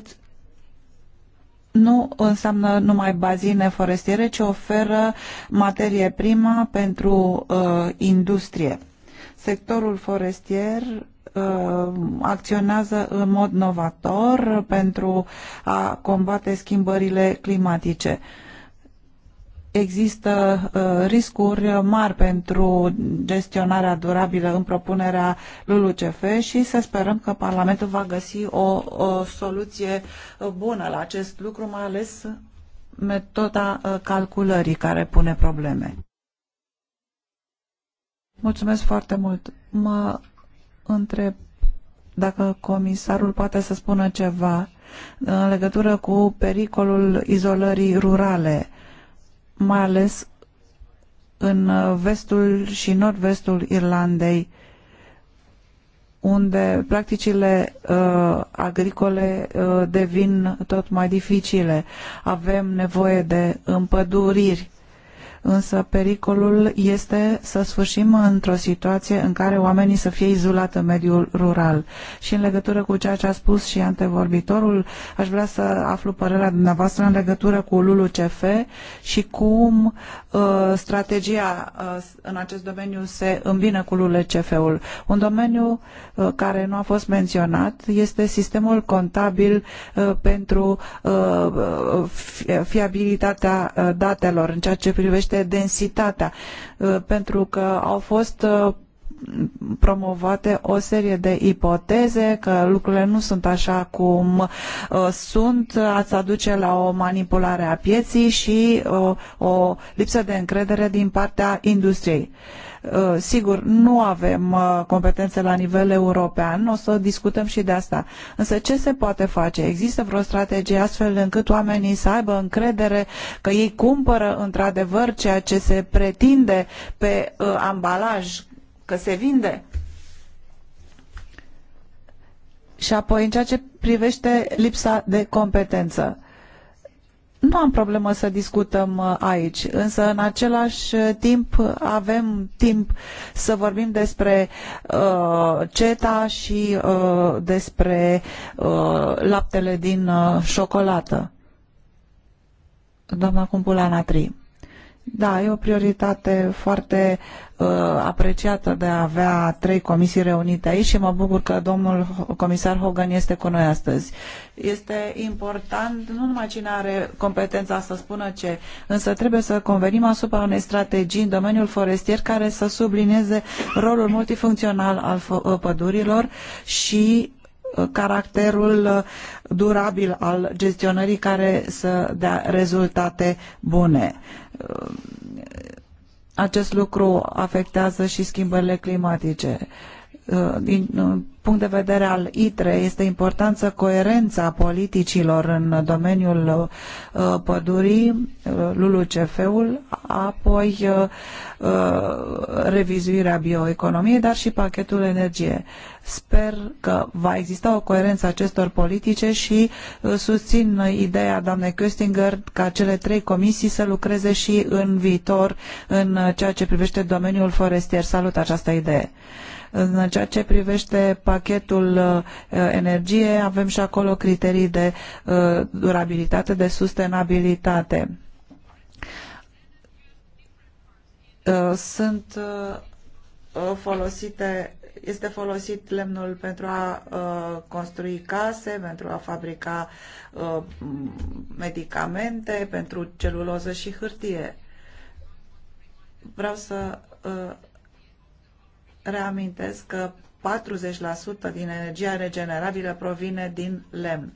nu înseamnă numai bazine forestiere, ci oferă materie primă pentru uh, industrie. Sectorul forestier Uh, acționează în mod novator pentru a combate schimbările climatice. Există uh, riscuri mari pentru gestionarea durabilă în propunerea LULUCF și să sperăm că Parlamentul va găsi o, o soluție bună la acest lucru, mai ales metoda uh, calculării care pune probleme. Mulțumesc foarte mult. Mă întreb dacă comisarul poate să spună ceva în legătură cu pericolul izolării rurale, mai ales în vestul și nord-vestul Irlandei, unde practicile uh, agricole uh, devin tot mai dificile. Avem nevoie de împăduriri însă pericolul este să sfârșim într-o situație în care oamenii să fie izolați în mediul rural. Și în legătură cu ceea ce a spus și antevorbitorul, aș vrea să aflu părerea dumneavoastră în legătură cu LULUCF și cum uh, strategia uh, în acest domeniu se îmbină cu LULUCF-ul. Un domeniu uh, care nu a fost menționat este sistemul contabil uh, pentru uh, fiabilitatea uh, datelor în ceea ce privește crește densitatea, uh, pentru că au fost uh, promovate o serie de ipoteze că lucrurile nu sunt așa cum uh, sunt, ați aduce la o manipulare a pieții și o lipsă de încredere din partea industriei. Uh, Uh, sigur, nu avem uh, competențe la nivel european, o să discutăm și de asta. Însă ce se poate face? Există vreo strategie astfel încât oamenii să aibă încredere că ei cumpără într-adevăr ceea ce se pretinde pe uh, ambalaj, că se vinde? Și apoi, în ceea ce privește lipsa de competență nu am problemă să discutăm uh, aici, însă în același uh, timp avem timp să vorbim despre uh, CETA și uh, despre uh, laptele din uh, șocolată. Doamna Cumpula da, e o prioritate foarte uh, apreciată de a avea trei comisii reunite aici și mă bucur că domnul comisar Hogan este cu noi astăzi. Este important nu numai cine are competența să spună ce, însă trebuie să convenim asupra unei strategii în domeniul forestier care să sublinieze rolul multifuncțional al uh, pădurilor și Uh, caracterul uh, durabil al gestionării care să dea rezultate bune. Uh, acest lucru afectează și schimbările climatice. Uh, Uh, din uh, punct de vedere al ITRE este importanță coerența politicilor în domeniul uh, pădurii, LULUCF-ul, apoi revizuirea bioeconomiei, dar și pachetul energie. Sper că va exista o coerență acestor politice și susțin ideea doamnei Köstinger ca cele trei comisii să lucreze și în viitor în ceea ce privește domeniul forestier. Salut această idee. În ceea ce privește pachetul uh, energie, avem și acolo criterii de uh, durabilitate, de sustenabilitate. Uh, sunt folosite este folosit lemnul pentru a construi case, pentru a fabrica medicamente, pentru celuloză și hârtie. Vreau să uh, reamintesc că 40% din energia regenerabilă provine din lemn.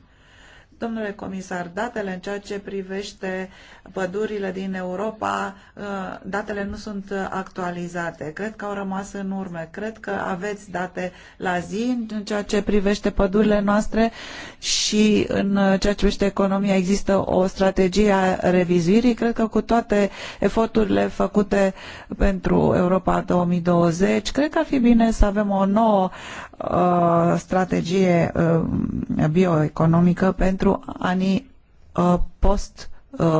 Domnule comisar, datele în ceea ce privește pădurile din Europa, uh, datele nu sunt actualizate. Cred că au rămas în urmă. Cred că aveți date la zi în ceea ce privește pădurile noastre și în ceea ce privește economia există o strategie a revizuirii. Cred că cu toate eforturile făcute pentru Europa 2020, cred că ar fi bine să avem o nouă Uh, strategie uh, bioeconomică pentru anii uh, post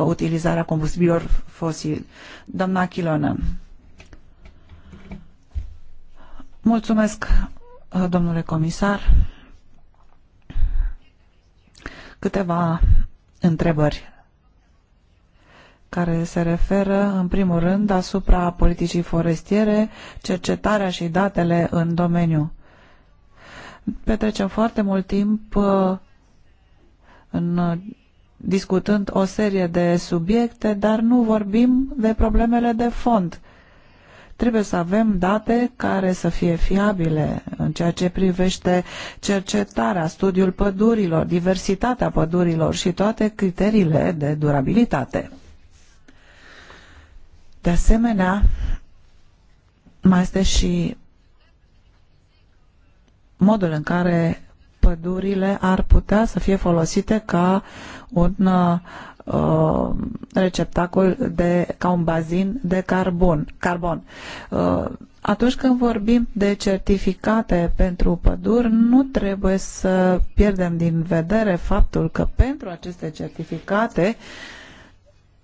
utilizarea combustibilor fosili. Doamna Chilonă. Mulțumesc, domnule comisar. Câteva întrebări care se referă, în primul rând, asupra politicii forestiere, cercetarea și datele în domeniu petrecem foarte mult timp uh, în uh, discutând o serie de subiecte, dar nu vorbim de problemele de fond. Trebuie să avem date care să fie fiabile în ceea ce privește cercetarea, studiul pădurilor, diversitatea pădurilor și toate criteriile de durabilitate. De asemenea, mai este și modul în care pădurile ar putea să fie folosite ca un uh, receptacol de, ca un bazin de carbon. carbon. Uh, atunci când vorbim de certificate pentru păduri, nu trebuie să pierdem din vedere faptul că pentru aceste certificate uh,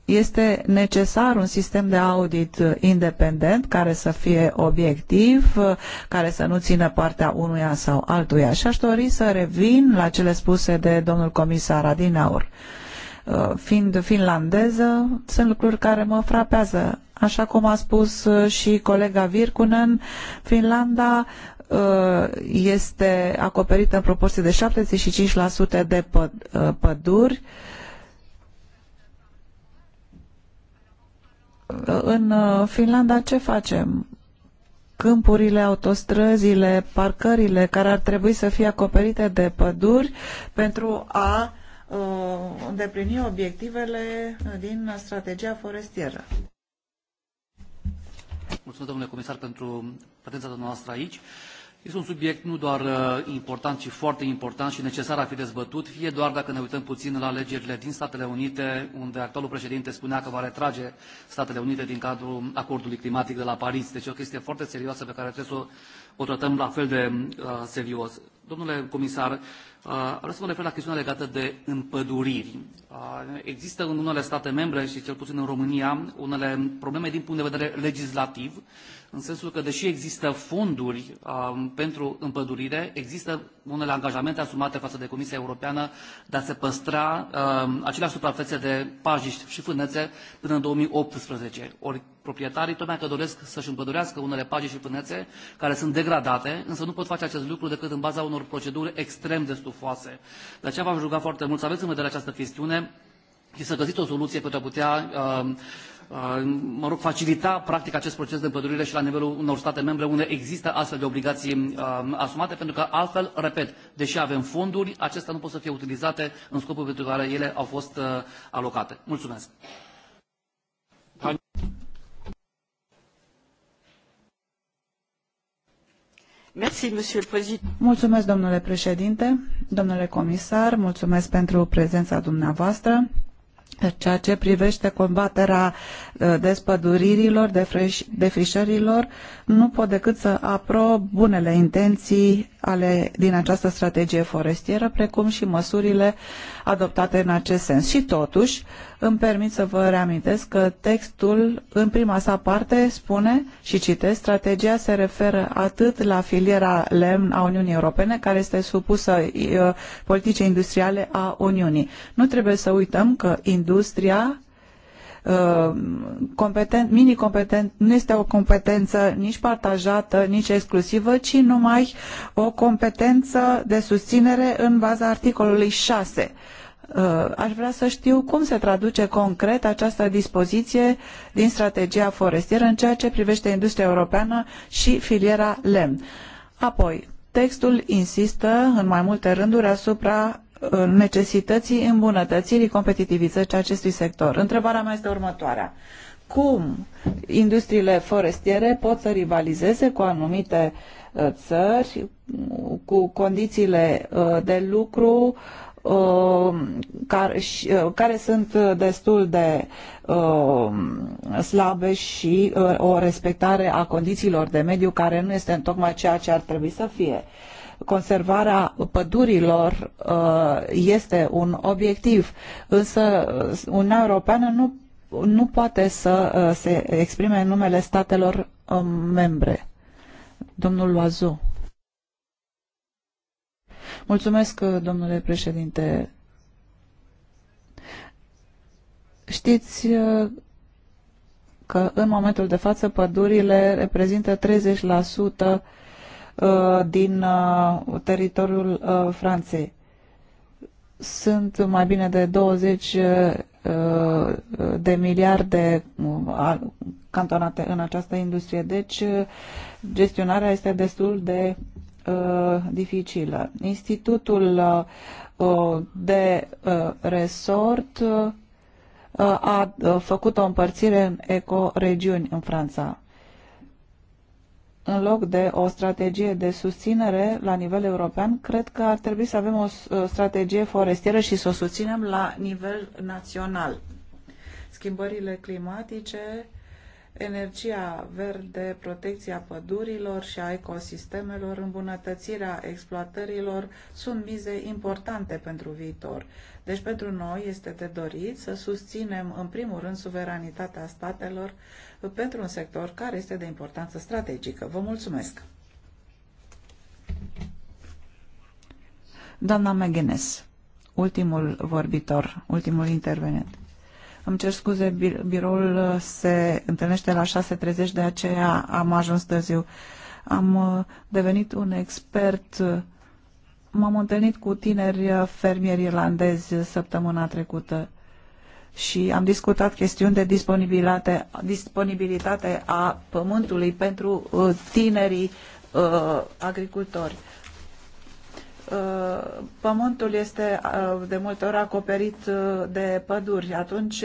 este necesar un sistem de audit independent care să fie obiectiv, care să nu țină partea unuia sau altuia. Și aș dori să revin la cele spuse de domnul comisar Adinaur. Uh, fiind finlandeză, sunt lucruri care mă frapează. Așa cum a spus uh, și colega Virkunen, Finlanda uh, este acoperită în proporție de 75% de păduri, În uh, Finlanda ce facem? Câmpurile, autostrăzile, parcările care ar trebui să fie acoperite de păduri pentru a uh, îndeplini obiectivele din strategia forestieră. Mulțumesc, domnule comisar, pentru prezența noastră aici. Este un subiect nu doar uh, important, ci foarte important și necesar a fi dezbătut, fie doar dacă ne uităm puțin la alegerile din Statele Unite, unde actualul președinte spunea că va retrage Statele Unite din cadrul acordului climatic de la Paris. Deci o chestie foarte serioasă pe care trebuie să o, o tratăm la fel de uh, serios. Domnule comisar, uh, vreau să mă refer la chestiunea legată de împăduriri. Uh, există în unele state membre și cel puțin în România unele probleme din punct de vedere legislativ, uh, în sensul că deși există fonduri um, pentru împădurire, există unele angajamente asumate față de Comisia Europeană de a se păstra um, aceleași suprafețe de pajiști și fânețe până în 2018. Ori proprietarii tocmai că doresc să-și împădurească unele pajiști și fânețe care sunt degradate, însă nu pot face acest lucru decât în baza unor proceduri extrem de stufoase. De aceea v-am rugat foarte mult să aveți în vedere această chestiune și să găsiți o soluție pentru a putea um, uh, mă rog, facilita practic acest proces de împădurire și la nivelul unor state membre unde există astfel de obligații um, asumate, pentru că altfel, repet, deși avem fonduri, acestea nu pot să fie utilizate în scopul pentru care ele au fost uh, alocate. Mulțumesc! Mulțumesc, domnule președinte, domnule comisar, mulțumesc pentru prezența dumneavoastră ceea ce privește combaterea ă, despăduririlor, defrișărilor, nu pot decât să aprob bunele intenții ale, din această strategie forestieră, precum și măsurile adoptate în acest sens. Și totuși, îmi permit să vă reamintesc că textul în prima sa parte spune și citesc, strategia se referă atât la filiera lemn a Uniunii Europene, care este supusă uh, politicii industriale a Uniunii. Nu trebuie să uităm că industria Uh, competent, mini-competent nu este o competență nici partajată, nici exclusivă, ci numai o competență de susținere în baza articolului 6. Uh, aș vrea să știu cum se traduce concret această dispoziție din strategia forestieră în ceea ce privește industria europeană și filiera lemn. Apoi, textul insistă în mai multe rânduri asupra necesității îmbunătățirii competitivității acestui sector. Întrebarea mea este următoarea. Cum industriile forestiere pot să rivalizeze cu anumite uh, țări, cu condițiile uh, de lucru uh, care, sunt destul de slabe și o respectare a condițiilor de mediu care nu este în tocmai ceea ce ar trebui să fie conservarea pădurilor uh, este un obiectiv, însă uh, Uniunea Europeană nu, nu poate să uh, se exprime în numele statelor um, membre. Domnul Loazu. Mulțumesc, domnule președinte. Știți că în momentul de față pădurile reprezintă 30% Uh, din uh, teritoriul uh, Franței. Sunt mai bine de 20 de miliarde cantonate în această industrie, deci gestionarea este destul de dificilă. Institutul de resort a făcut o împărțire în ecoregiuni în Franța în loc de o strategie de susținere la nivel european, cred că ar trebui să avem o strategie forestieră și să o susținem la nivel național. Schimbările climatice, energia verde, protecția pădurilor și a ecosistemelor, îmbunătățirea exploatărilor sunt mize importante pentru viitor. Deci pentru noi este de dorit să susținem în primul rând suveranitatea statelor pentru un sector care este de importanță strategică. Vă mulțumesc! Doamna Meghenes, ultimul vorbitor, ultimul intervenent. Îmi cer scuze, biroul uh, se întâlnește la 6.30, de aceea am ajuns târziu. Am uh, devenit un expert. Uh, m-am întâlnit cu tineri fermieri irlandezi săptămâna trecută și am discutat chestiuni de disponibilitate, disponibilitate a pământului pentru uh, tinerii uh, agricultori. Uh, pământul este de multe ori acoperit de păduri. Atunci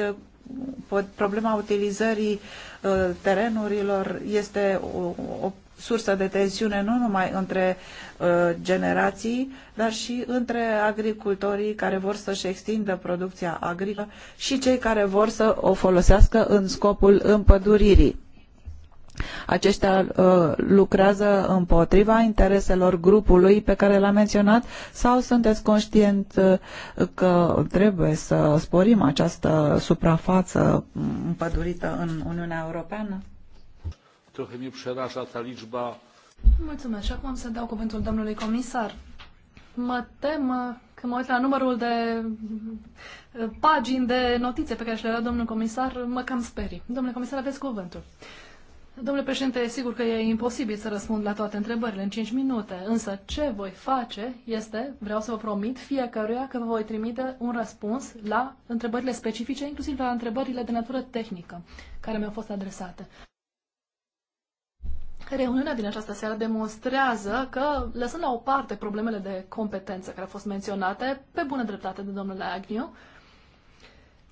problema utilizării terenurilor este o sursă de tensiune nu numai între uh, generații, dar și între agricultorii care vor să-și extindă producția agricolă și cei care vor să o folosească în scopul împăduririi. Aceștia uh, lucrează împotriva intereselor grupului pe care l-am menționat sau sunteți conștient uh, că trebuie să sporim această suprafață mm, împădurită în Uniunea Europeană? trochę mnie przeraża ta liczba. Mulțumesc. acum am să dau cuvântul domnului comisar. Mă tem că mă uit la numărul de eh, pagini de notițe pe care și le-a dat domnul comisar, mă cam sperii. Domnule comisar, aveți cuvântul. Domnule președinte, sigur că e imposibil să răspund la toate întrebările în 5 minute, însă ce voi face este, vreau să vă promit fiecăruia că vă voi trimite un răspuns la întrebările specifice, inclusiv la întrebările de natură tehnică care mi-au fost adresate. Reuniunea din această seară demonstrează că, lăsând la o parte problemele de competență care au fost menționate, pe bună dreptate de domnul Agnew,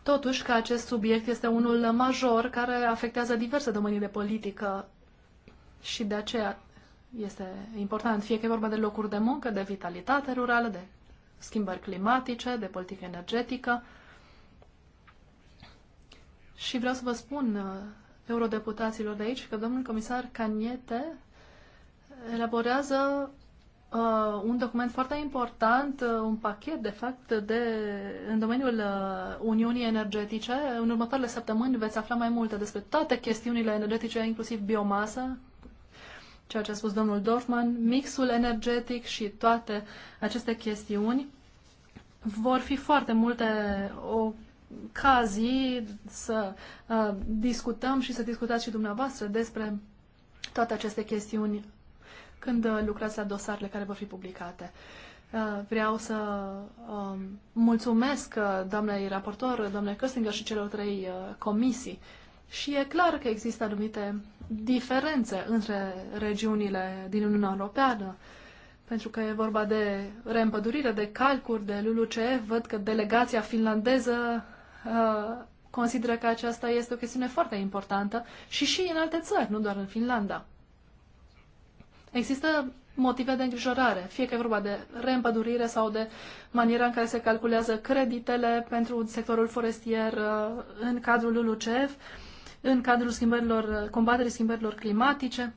totuși că acest subiect este unul major care afectează diverse domenii de politică și de aceea este important, fie că e vorba de locuri de muncă, de vitalitate rurală, de schimbări climatice, de politică energetică. Și vreau să vă spun eurodeputaților de aici că domnul comisar Caniete elaborează uh, un document foarte important, uh, un pachet, de fapt, de, în domeniul uh, Uniunii Energetice. În următoarele săptămâni veți afla mai multe despre toate chestiunile energetice, inclusiv biomasă, ceea ce a spus domnul Dorfman, mixul energetic și toate aceste chestiuni. Vor fi foarte multe o ocazii să uh, discutăm și să discutați și dumneavoastră despre toate aceste chestiuni când uh, lucrați la dosarele care vor fi publicate. Uh, vreau să um, mulțumesc uh, doamnei raportor, doamnei Köstinger și celor trei comisii. Și e clar că există anumite diferențe între regiunile din Uniunea Europeană pentru că e vorba de reîmpădurire, de calcuri, de LULUCE, văd că delegația finlandeză Uh, consideră că aceasta este o chestiune foarte importantă și și în alte țări, nu doar în Finlanda. Există motive de îngrijorare, fie că e vorba de reîmpădurire sau de maniera în care se calculează creditele pentru sectorul forestier uh, în cadrul LULUCF, în cadrul schimbărilor, uh, combaterii schimbărilor climatice.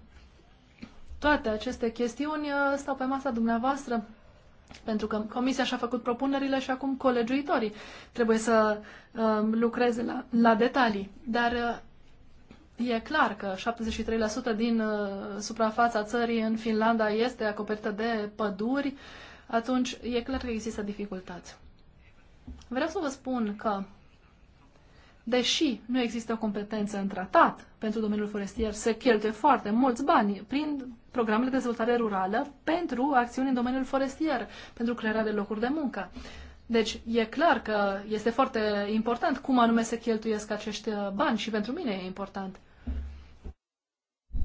Toate aceste chestiuni stau pe masa dumneavoastră pentru că comisia și-a făcut propunerile și acum colegiuitorii trebuie să uh, lucreze la, la detalii. Dar uh, e clar că 73% din uh, suprafața țării în Finlanda este acoperită de păduri, atunci e clar că există dificultăți. Vreau să vă spun că deși nu există o competență în tratat pentru domeniul forestier, se cheltuie foarte mulți bani prin programele de dezvoltare rurală pentru acțiuni în domeniul forestier, pentru crearea de locuri de muncă. Deci e clar că este foarte important cum anume se cheltuiesc acești uh, bani și pentru mine e important.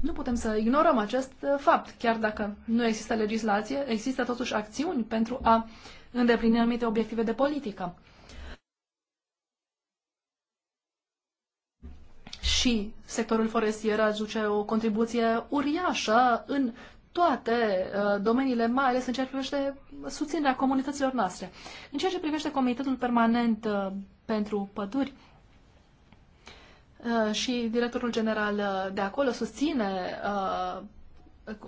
Nu putem să ignorăm acest uh, fapt, chiar dacă nu există legislație, există totuși acțiuni pentru a îndeplini anumite obiective de politică. și sectorul forestier aduce o contribuție uriașă în toate uh, domeniile, mai ales în ceea ce privește susținerea comunităților noastre. În ceea ce privește Comitetul Permanent uh, pentru Păduri, uh, și directorul general uh, de acolo susține uh,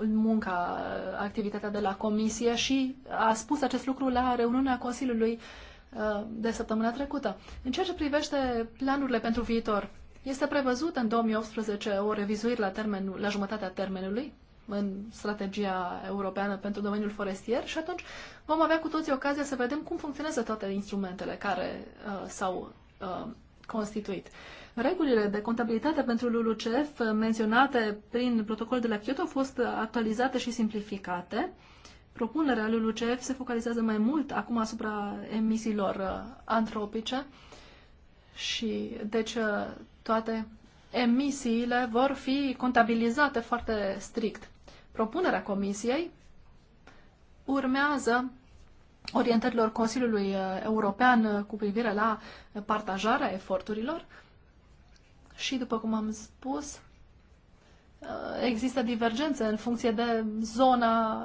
munca, uh, activitatea de la comisie și a spus acest lucru la reuniunea Consiliului de săptămâna trecută. În ceea ce privește planurile pentru viitor, este prevăzut în 2018 o revizuire la, termenul, la jumătatea termenului în strategia europeană pentru domeniul forestier și atunci vom avea cu toții ocazia să vedem cum funcționează toate instrumentele care uh, s-au uh, constituit. Regulile de contabilitate pentru LULUCF uh, menționate prin protocolul de la Kyoto au fost uh, actualizate și simplificate. Propunerea LULUCF se focalizează mai mult acum asupra emisiilor uh, antropice și deci toate emisiile vor fi contabilizate foarte strict. Propunerea Comisiei urmează orientărilor Consiliului uh, European uh, cu privire la partajarea eforturilor și, după cum am spus, uh, există divergențe în funcție de zona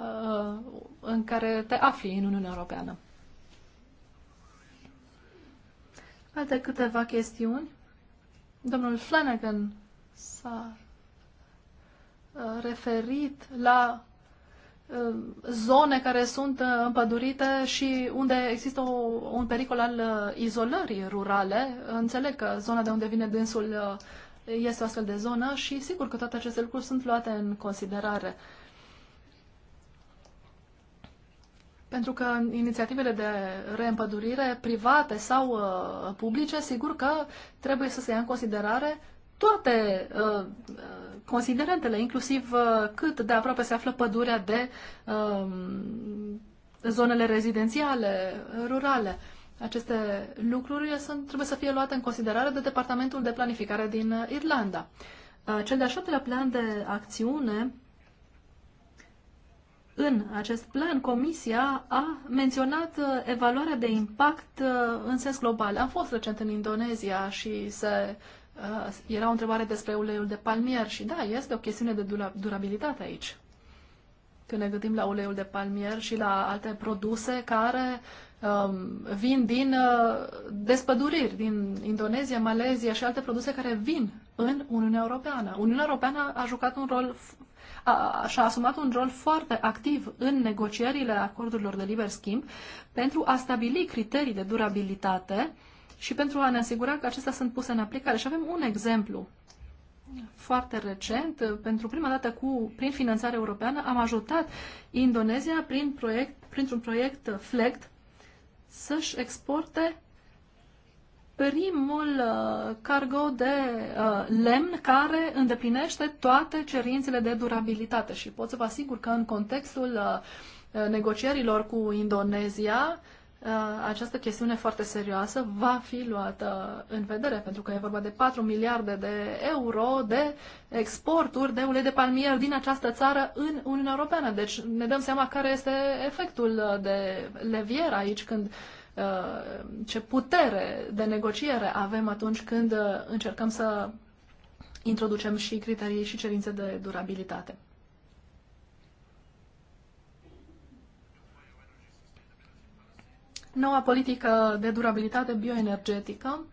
în care te afli în Uniunea Europeană. Alte câteva chestiuni Domnul Flanagan s-a uh, referit la uh, zone care sunt uh, împădurite și unde există o, un pericol al izolării rurale. Înțeleg că zona de unde vine dânsul este o astfel de zonă și sigur că toate aceste lucruri sunt luate în considerare. Pentru că inițiativele de reîmpădurire private sau uh, publice, sigur că trebuie să se ia în considerare toate uh, uh, considerentele, inclusiv uh, cât de aproape se află pădurea de uh, zonele rezidențiale, rurale. Aceste lucruri sunt, trebuie să fie luate în considerare de Departamentul de Planificare din uh, Irlanda. Uh, cel de-al șaptelea plan de acțiune în acest plan, Comisia a menționat uh, evaluarea de impact uh, în sens global. Am fost recent în Indonezia și se, uh, era o întrebare despre uleiul de palmier și da, este o chestiune de durabilitate aici. Când ne gândim la uleiul de palmier și la alte produse care um, vin din uh, despăduriri, din Indonezia, Malezia și alte produse care vin în Uniunea Europeană. Uniunea Europeană a jucat un rol și-a asumat un rol foarte activ în negocierile acordurilor de liber schimb pentru a stabili criterii de durabilitate și pentru a ne asigura că acestea sunt puse în aplicare. Și avem un exemplu foarte recent, pentru prima dată cu, prin finanțare europeană, am ajutat Indonezia prin proiect, printr-un proiect FLECT să-și exporte primul uh, cargo de uh, lemn care îndeplinește toate cerințele de durabilitate și pot să vă asigur că în contextul uh, negocierilor cu Indonezia, această chestiune foarte serioasă va fi luată în vedere, pentru că e vorba de 4 miliarde de euro de exporturi de ulei de palmier din această țară în Uniunea Europeană. Deci ne dăm seama care este efectul de levier aici când uh, Uh, ce putere de negociere avem atunci când uh, încercăm să introducem și criterii și cerințe de durabilitate. Noua politică de durabilitate bioenergetică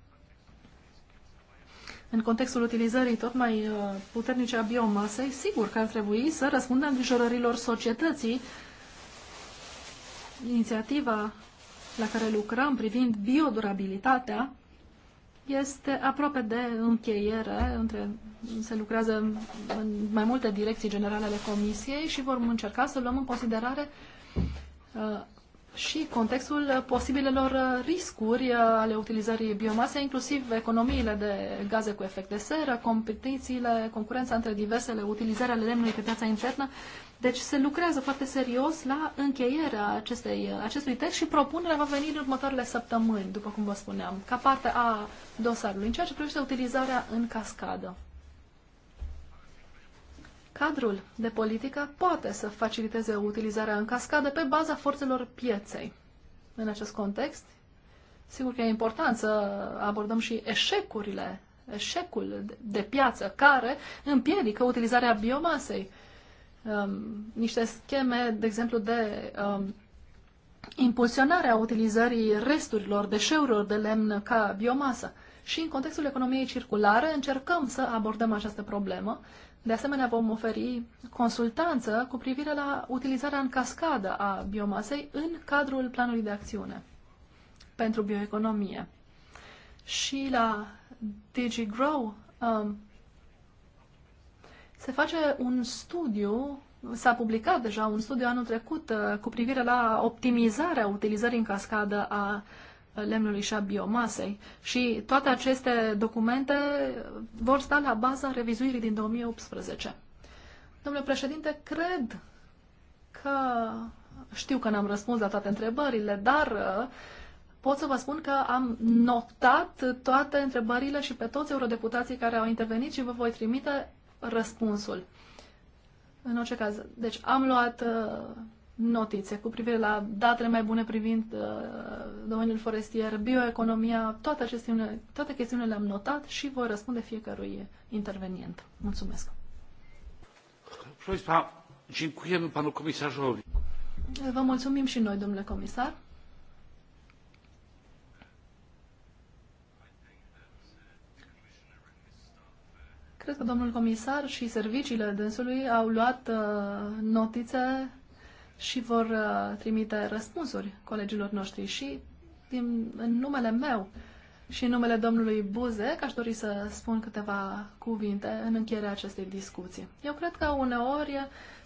în contextul utilizării tot mai uh, puternice a biomasei, sigur că ar trebui să răspundă îngrijorărilor societății. Inițiativa la care lucrăm privind biodurabilitatea este aproape de încheiere, între, se lucrează în mai multe direcții generale ale Comisiei și vom încerca să luăm în considerare uh, și contextul posibilelor riscuri ale utilizării biomasei, inclusiv economiile de gaze cu efect de seră, competițiile, concurența între diversele utilizări ale lemnului pe piața internă. Deci se lucrează foarte serios la încheierea acestei, acestui text și propunerea va veni în următoarele săptămâni, după cum vă spuneam, ca parte a dosarului, în ceea ce privește utilizarea în cascadă. Cadrul de politică poate să faciliteze utilizarea în cascadă pe baza forțelor pieței. În acest context, sigur că e important să abordăm și eșecurile, eșecul de piață care împiedică utilizarea biomasei. Um, niște scheme, de exemplu, de um, a utilizării resturilor, deșeurilor de lemn ca biomasă. Și în contextul economiei circulare încercăm să abordăm această problemă de asemenea, vom oferi consultanță cu privire la utilizarea în cascadă a biomasei în cadrul planului de acțiune pentru bioeconomie. Și la DigiGrow um, se face un studiu, s-a publicat deja un studiu anul trecut uh, cu privire la optimizarea utilizării în cascadă a lemnului și a biomasei. Și toate aceste documente vor sta la baza revizuirii din 2018. Domnule președinte, cred că știu că n-am răspuns la toate întrebările, dar uh, pot să vă spun că am notat toate întrebările și pe toți eurodeputații care au intervenit și vă voi trimite răspunsul. În orice caz, deci am luat uh, notițe cu privire la datele mai bune privind uh, domeniul forestier, bioeconomia, toate, aceste, toate chestiunile le-am notat și voi răspunde fiecărui intervenient. Mulțumesc! Vă mulțumim și noi, domnule comisar. Cred că domnul comisar și serviciile dânsului au luat uh, notițe și vor uh, trimite răspunsuri colegilor noștri și din, în numele meu și în numele domnului că aș dori să spun câteva cuvinte în încheierea acestei discuții. Eu cred că uneori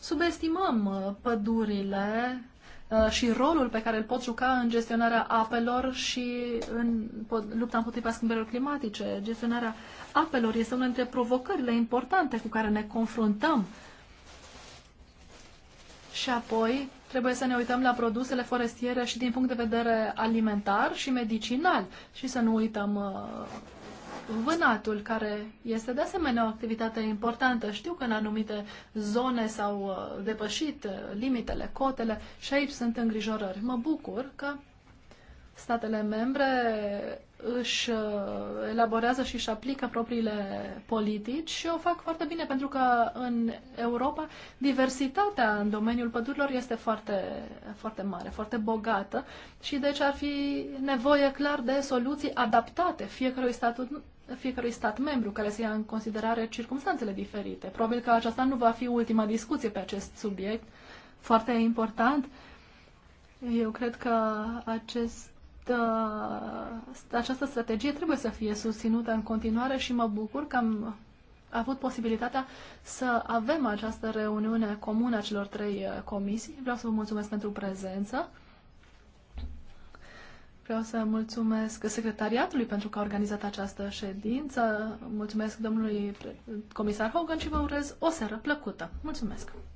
subestimăm uh, pădurile uh, și rolul pe care îl pot juca în gestionarea apelor și în lupta împotriva schimbărilor climatice. Gestionarea apelor este una dintre provocările importante cu care ne confruntăm uh, și apoi trebuie să ne uităm la produsele forestiere și din punct de vedere alimentar și medicinal și să nu uităm uh, vânatul, care este de asemenea o activitate importantă. Știu că în anumite zone s-au uh, depășit uh, limitele, cotele și aici sunt îngrijorări. Mă bucur că statele membre își uh, elaborează și își aplică propriile politici și o fac foarte bine pentru că în Europa diversitatea în domeniul pădurilor este foarte, foarte mare, foarte bogată și deci ar fi nevoie clar de soluții adaptate fiecărui statut fiecărui stat membru care să ia în considerare circumstanțele diferite. Probabil că aceasta nu va fi ultima discuție pe acest subiect, foarte important. Eu cred că acest această strategie trebuie să fie susținută în continuare și mă bucur că am avut posibilitatea să avem această reuniune comună a celor trei uh, comisii. Vreau să vă mulțumesc pentru prezență. Vreau să mulțumesc secretariatului pentru că a organizat această ședință. Mulțumesc domnului comisar Hogan și vă urez o seară plăcută. Mulțumesc!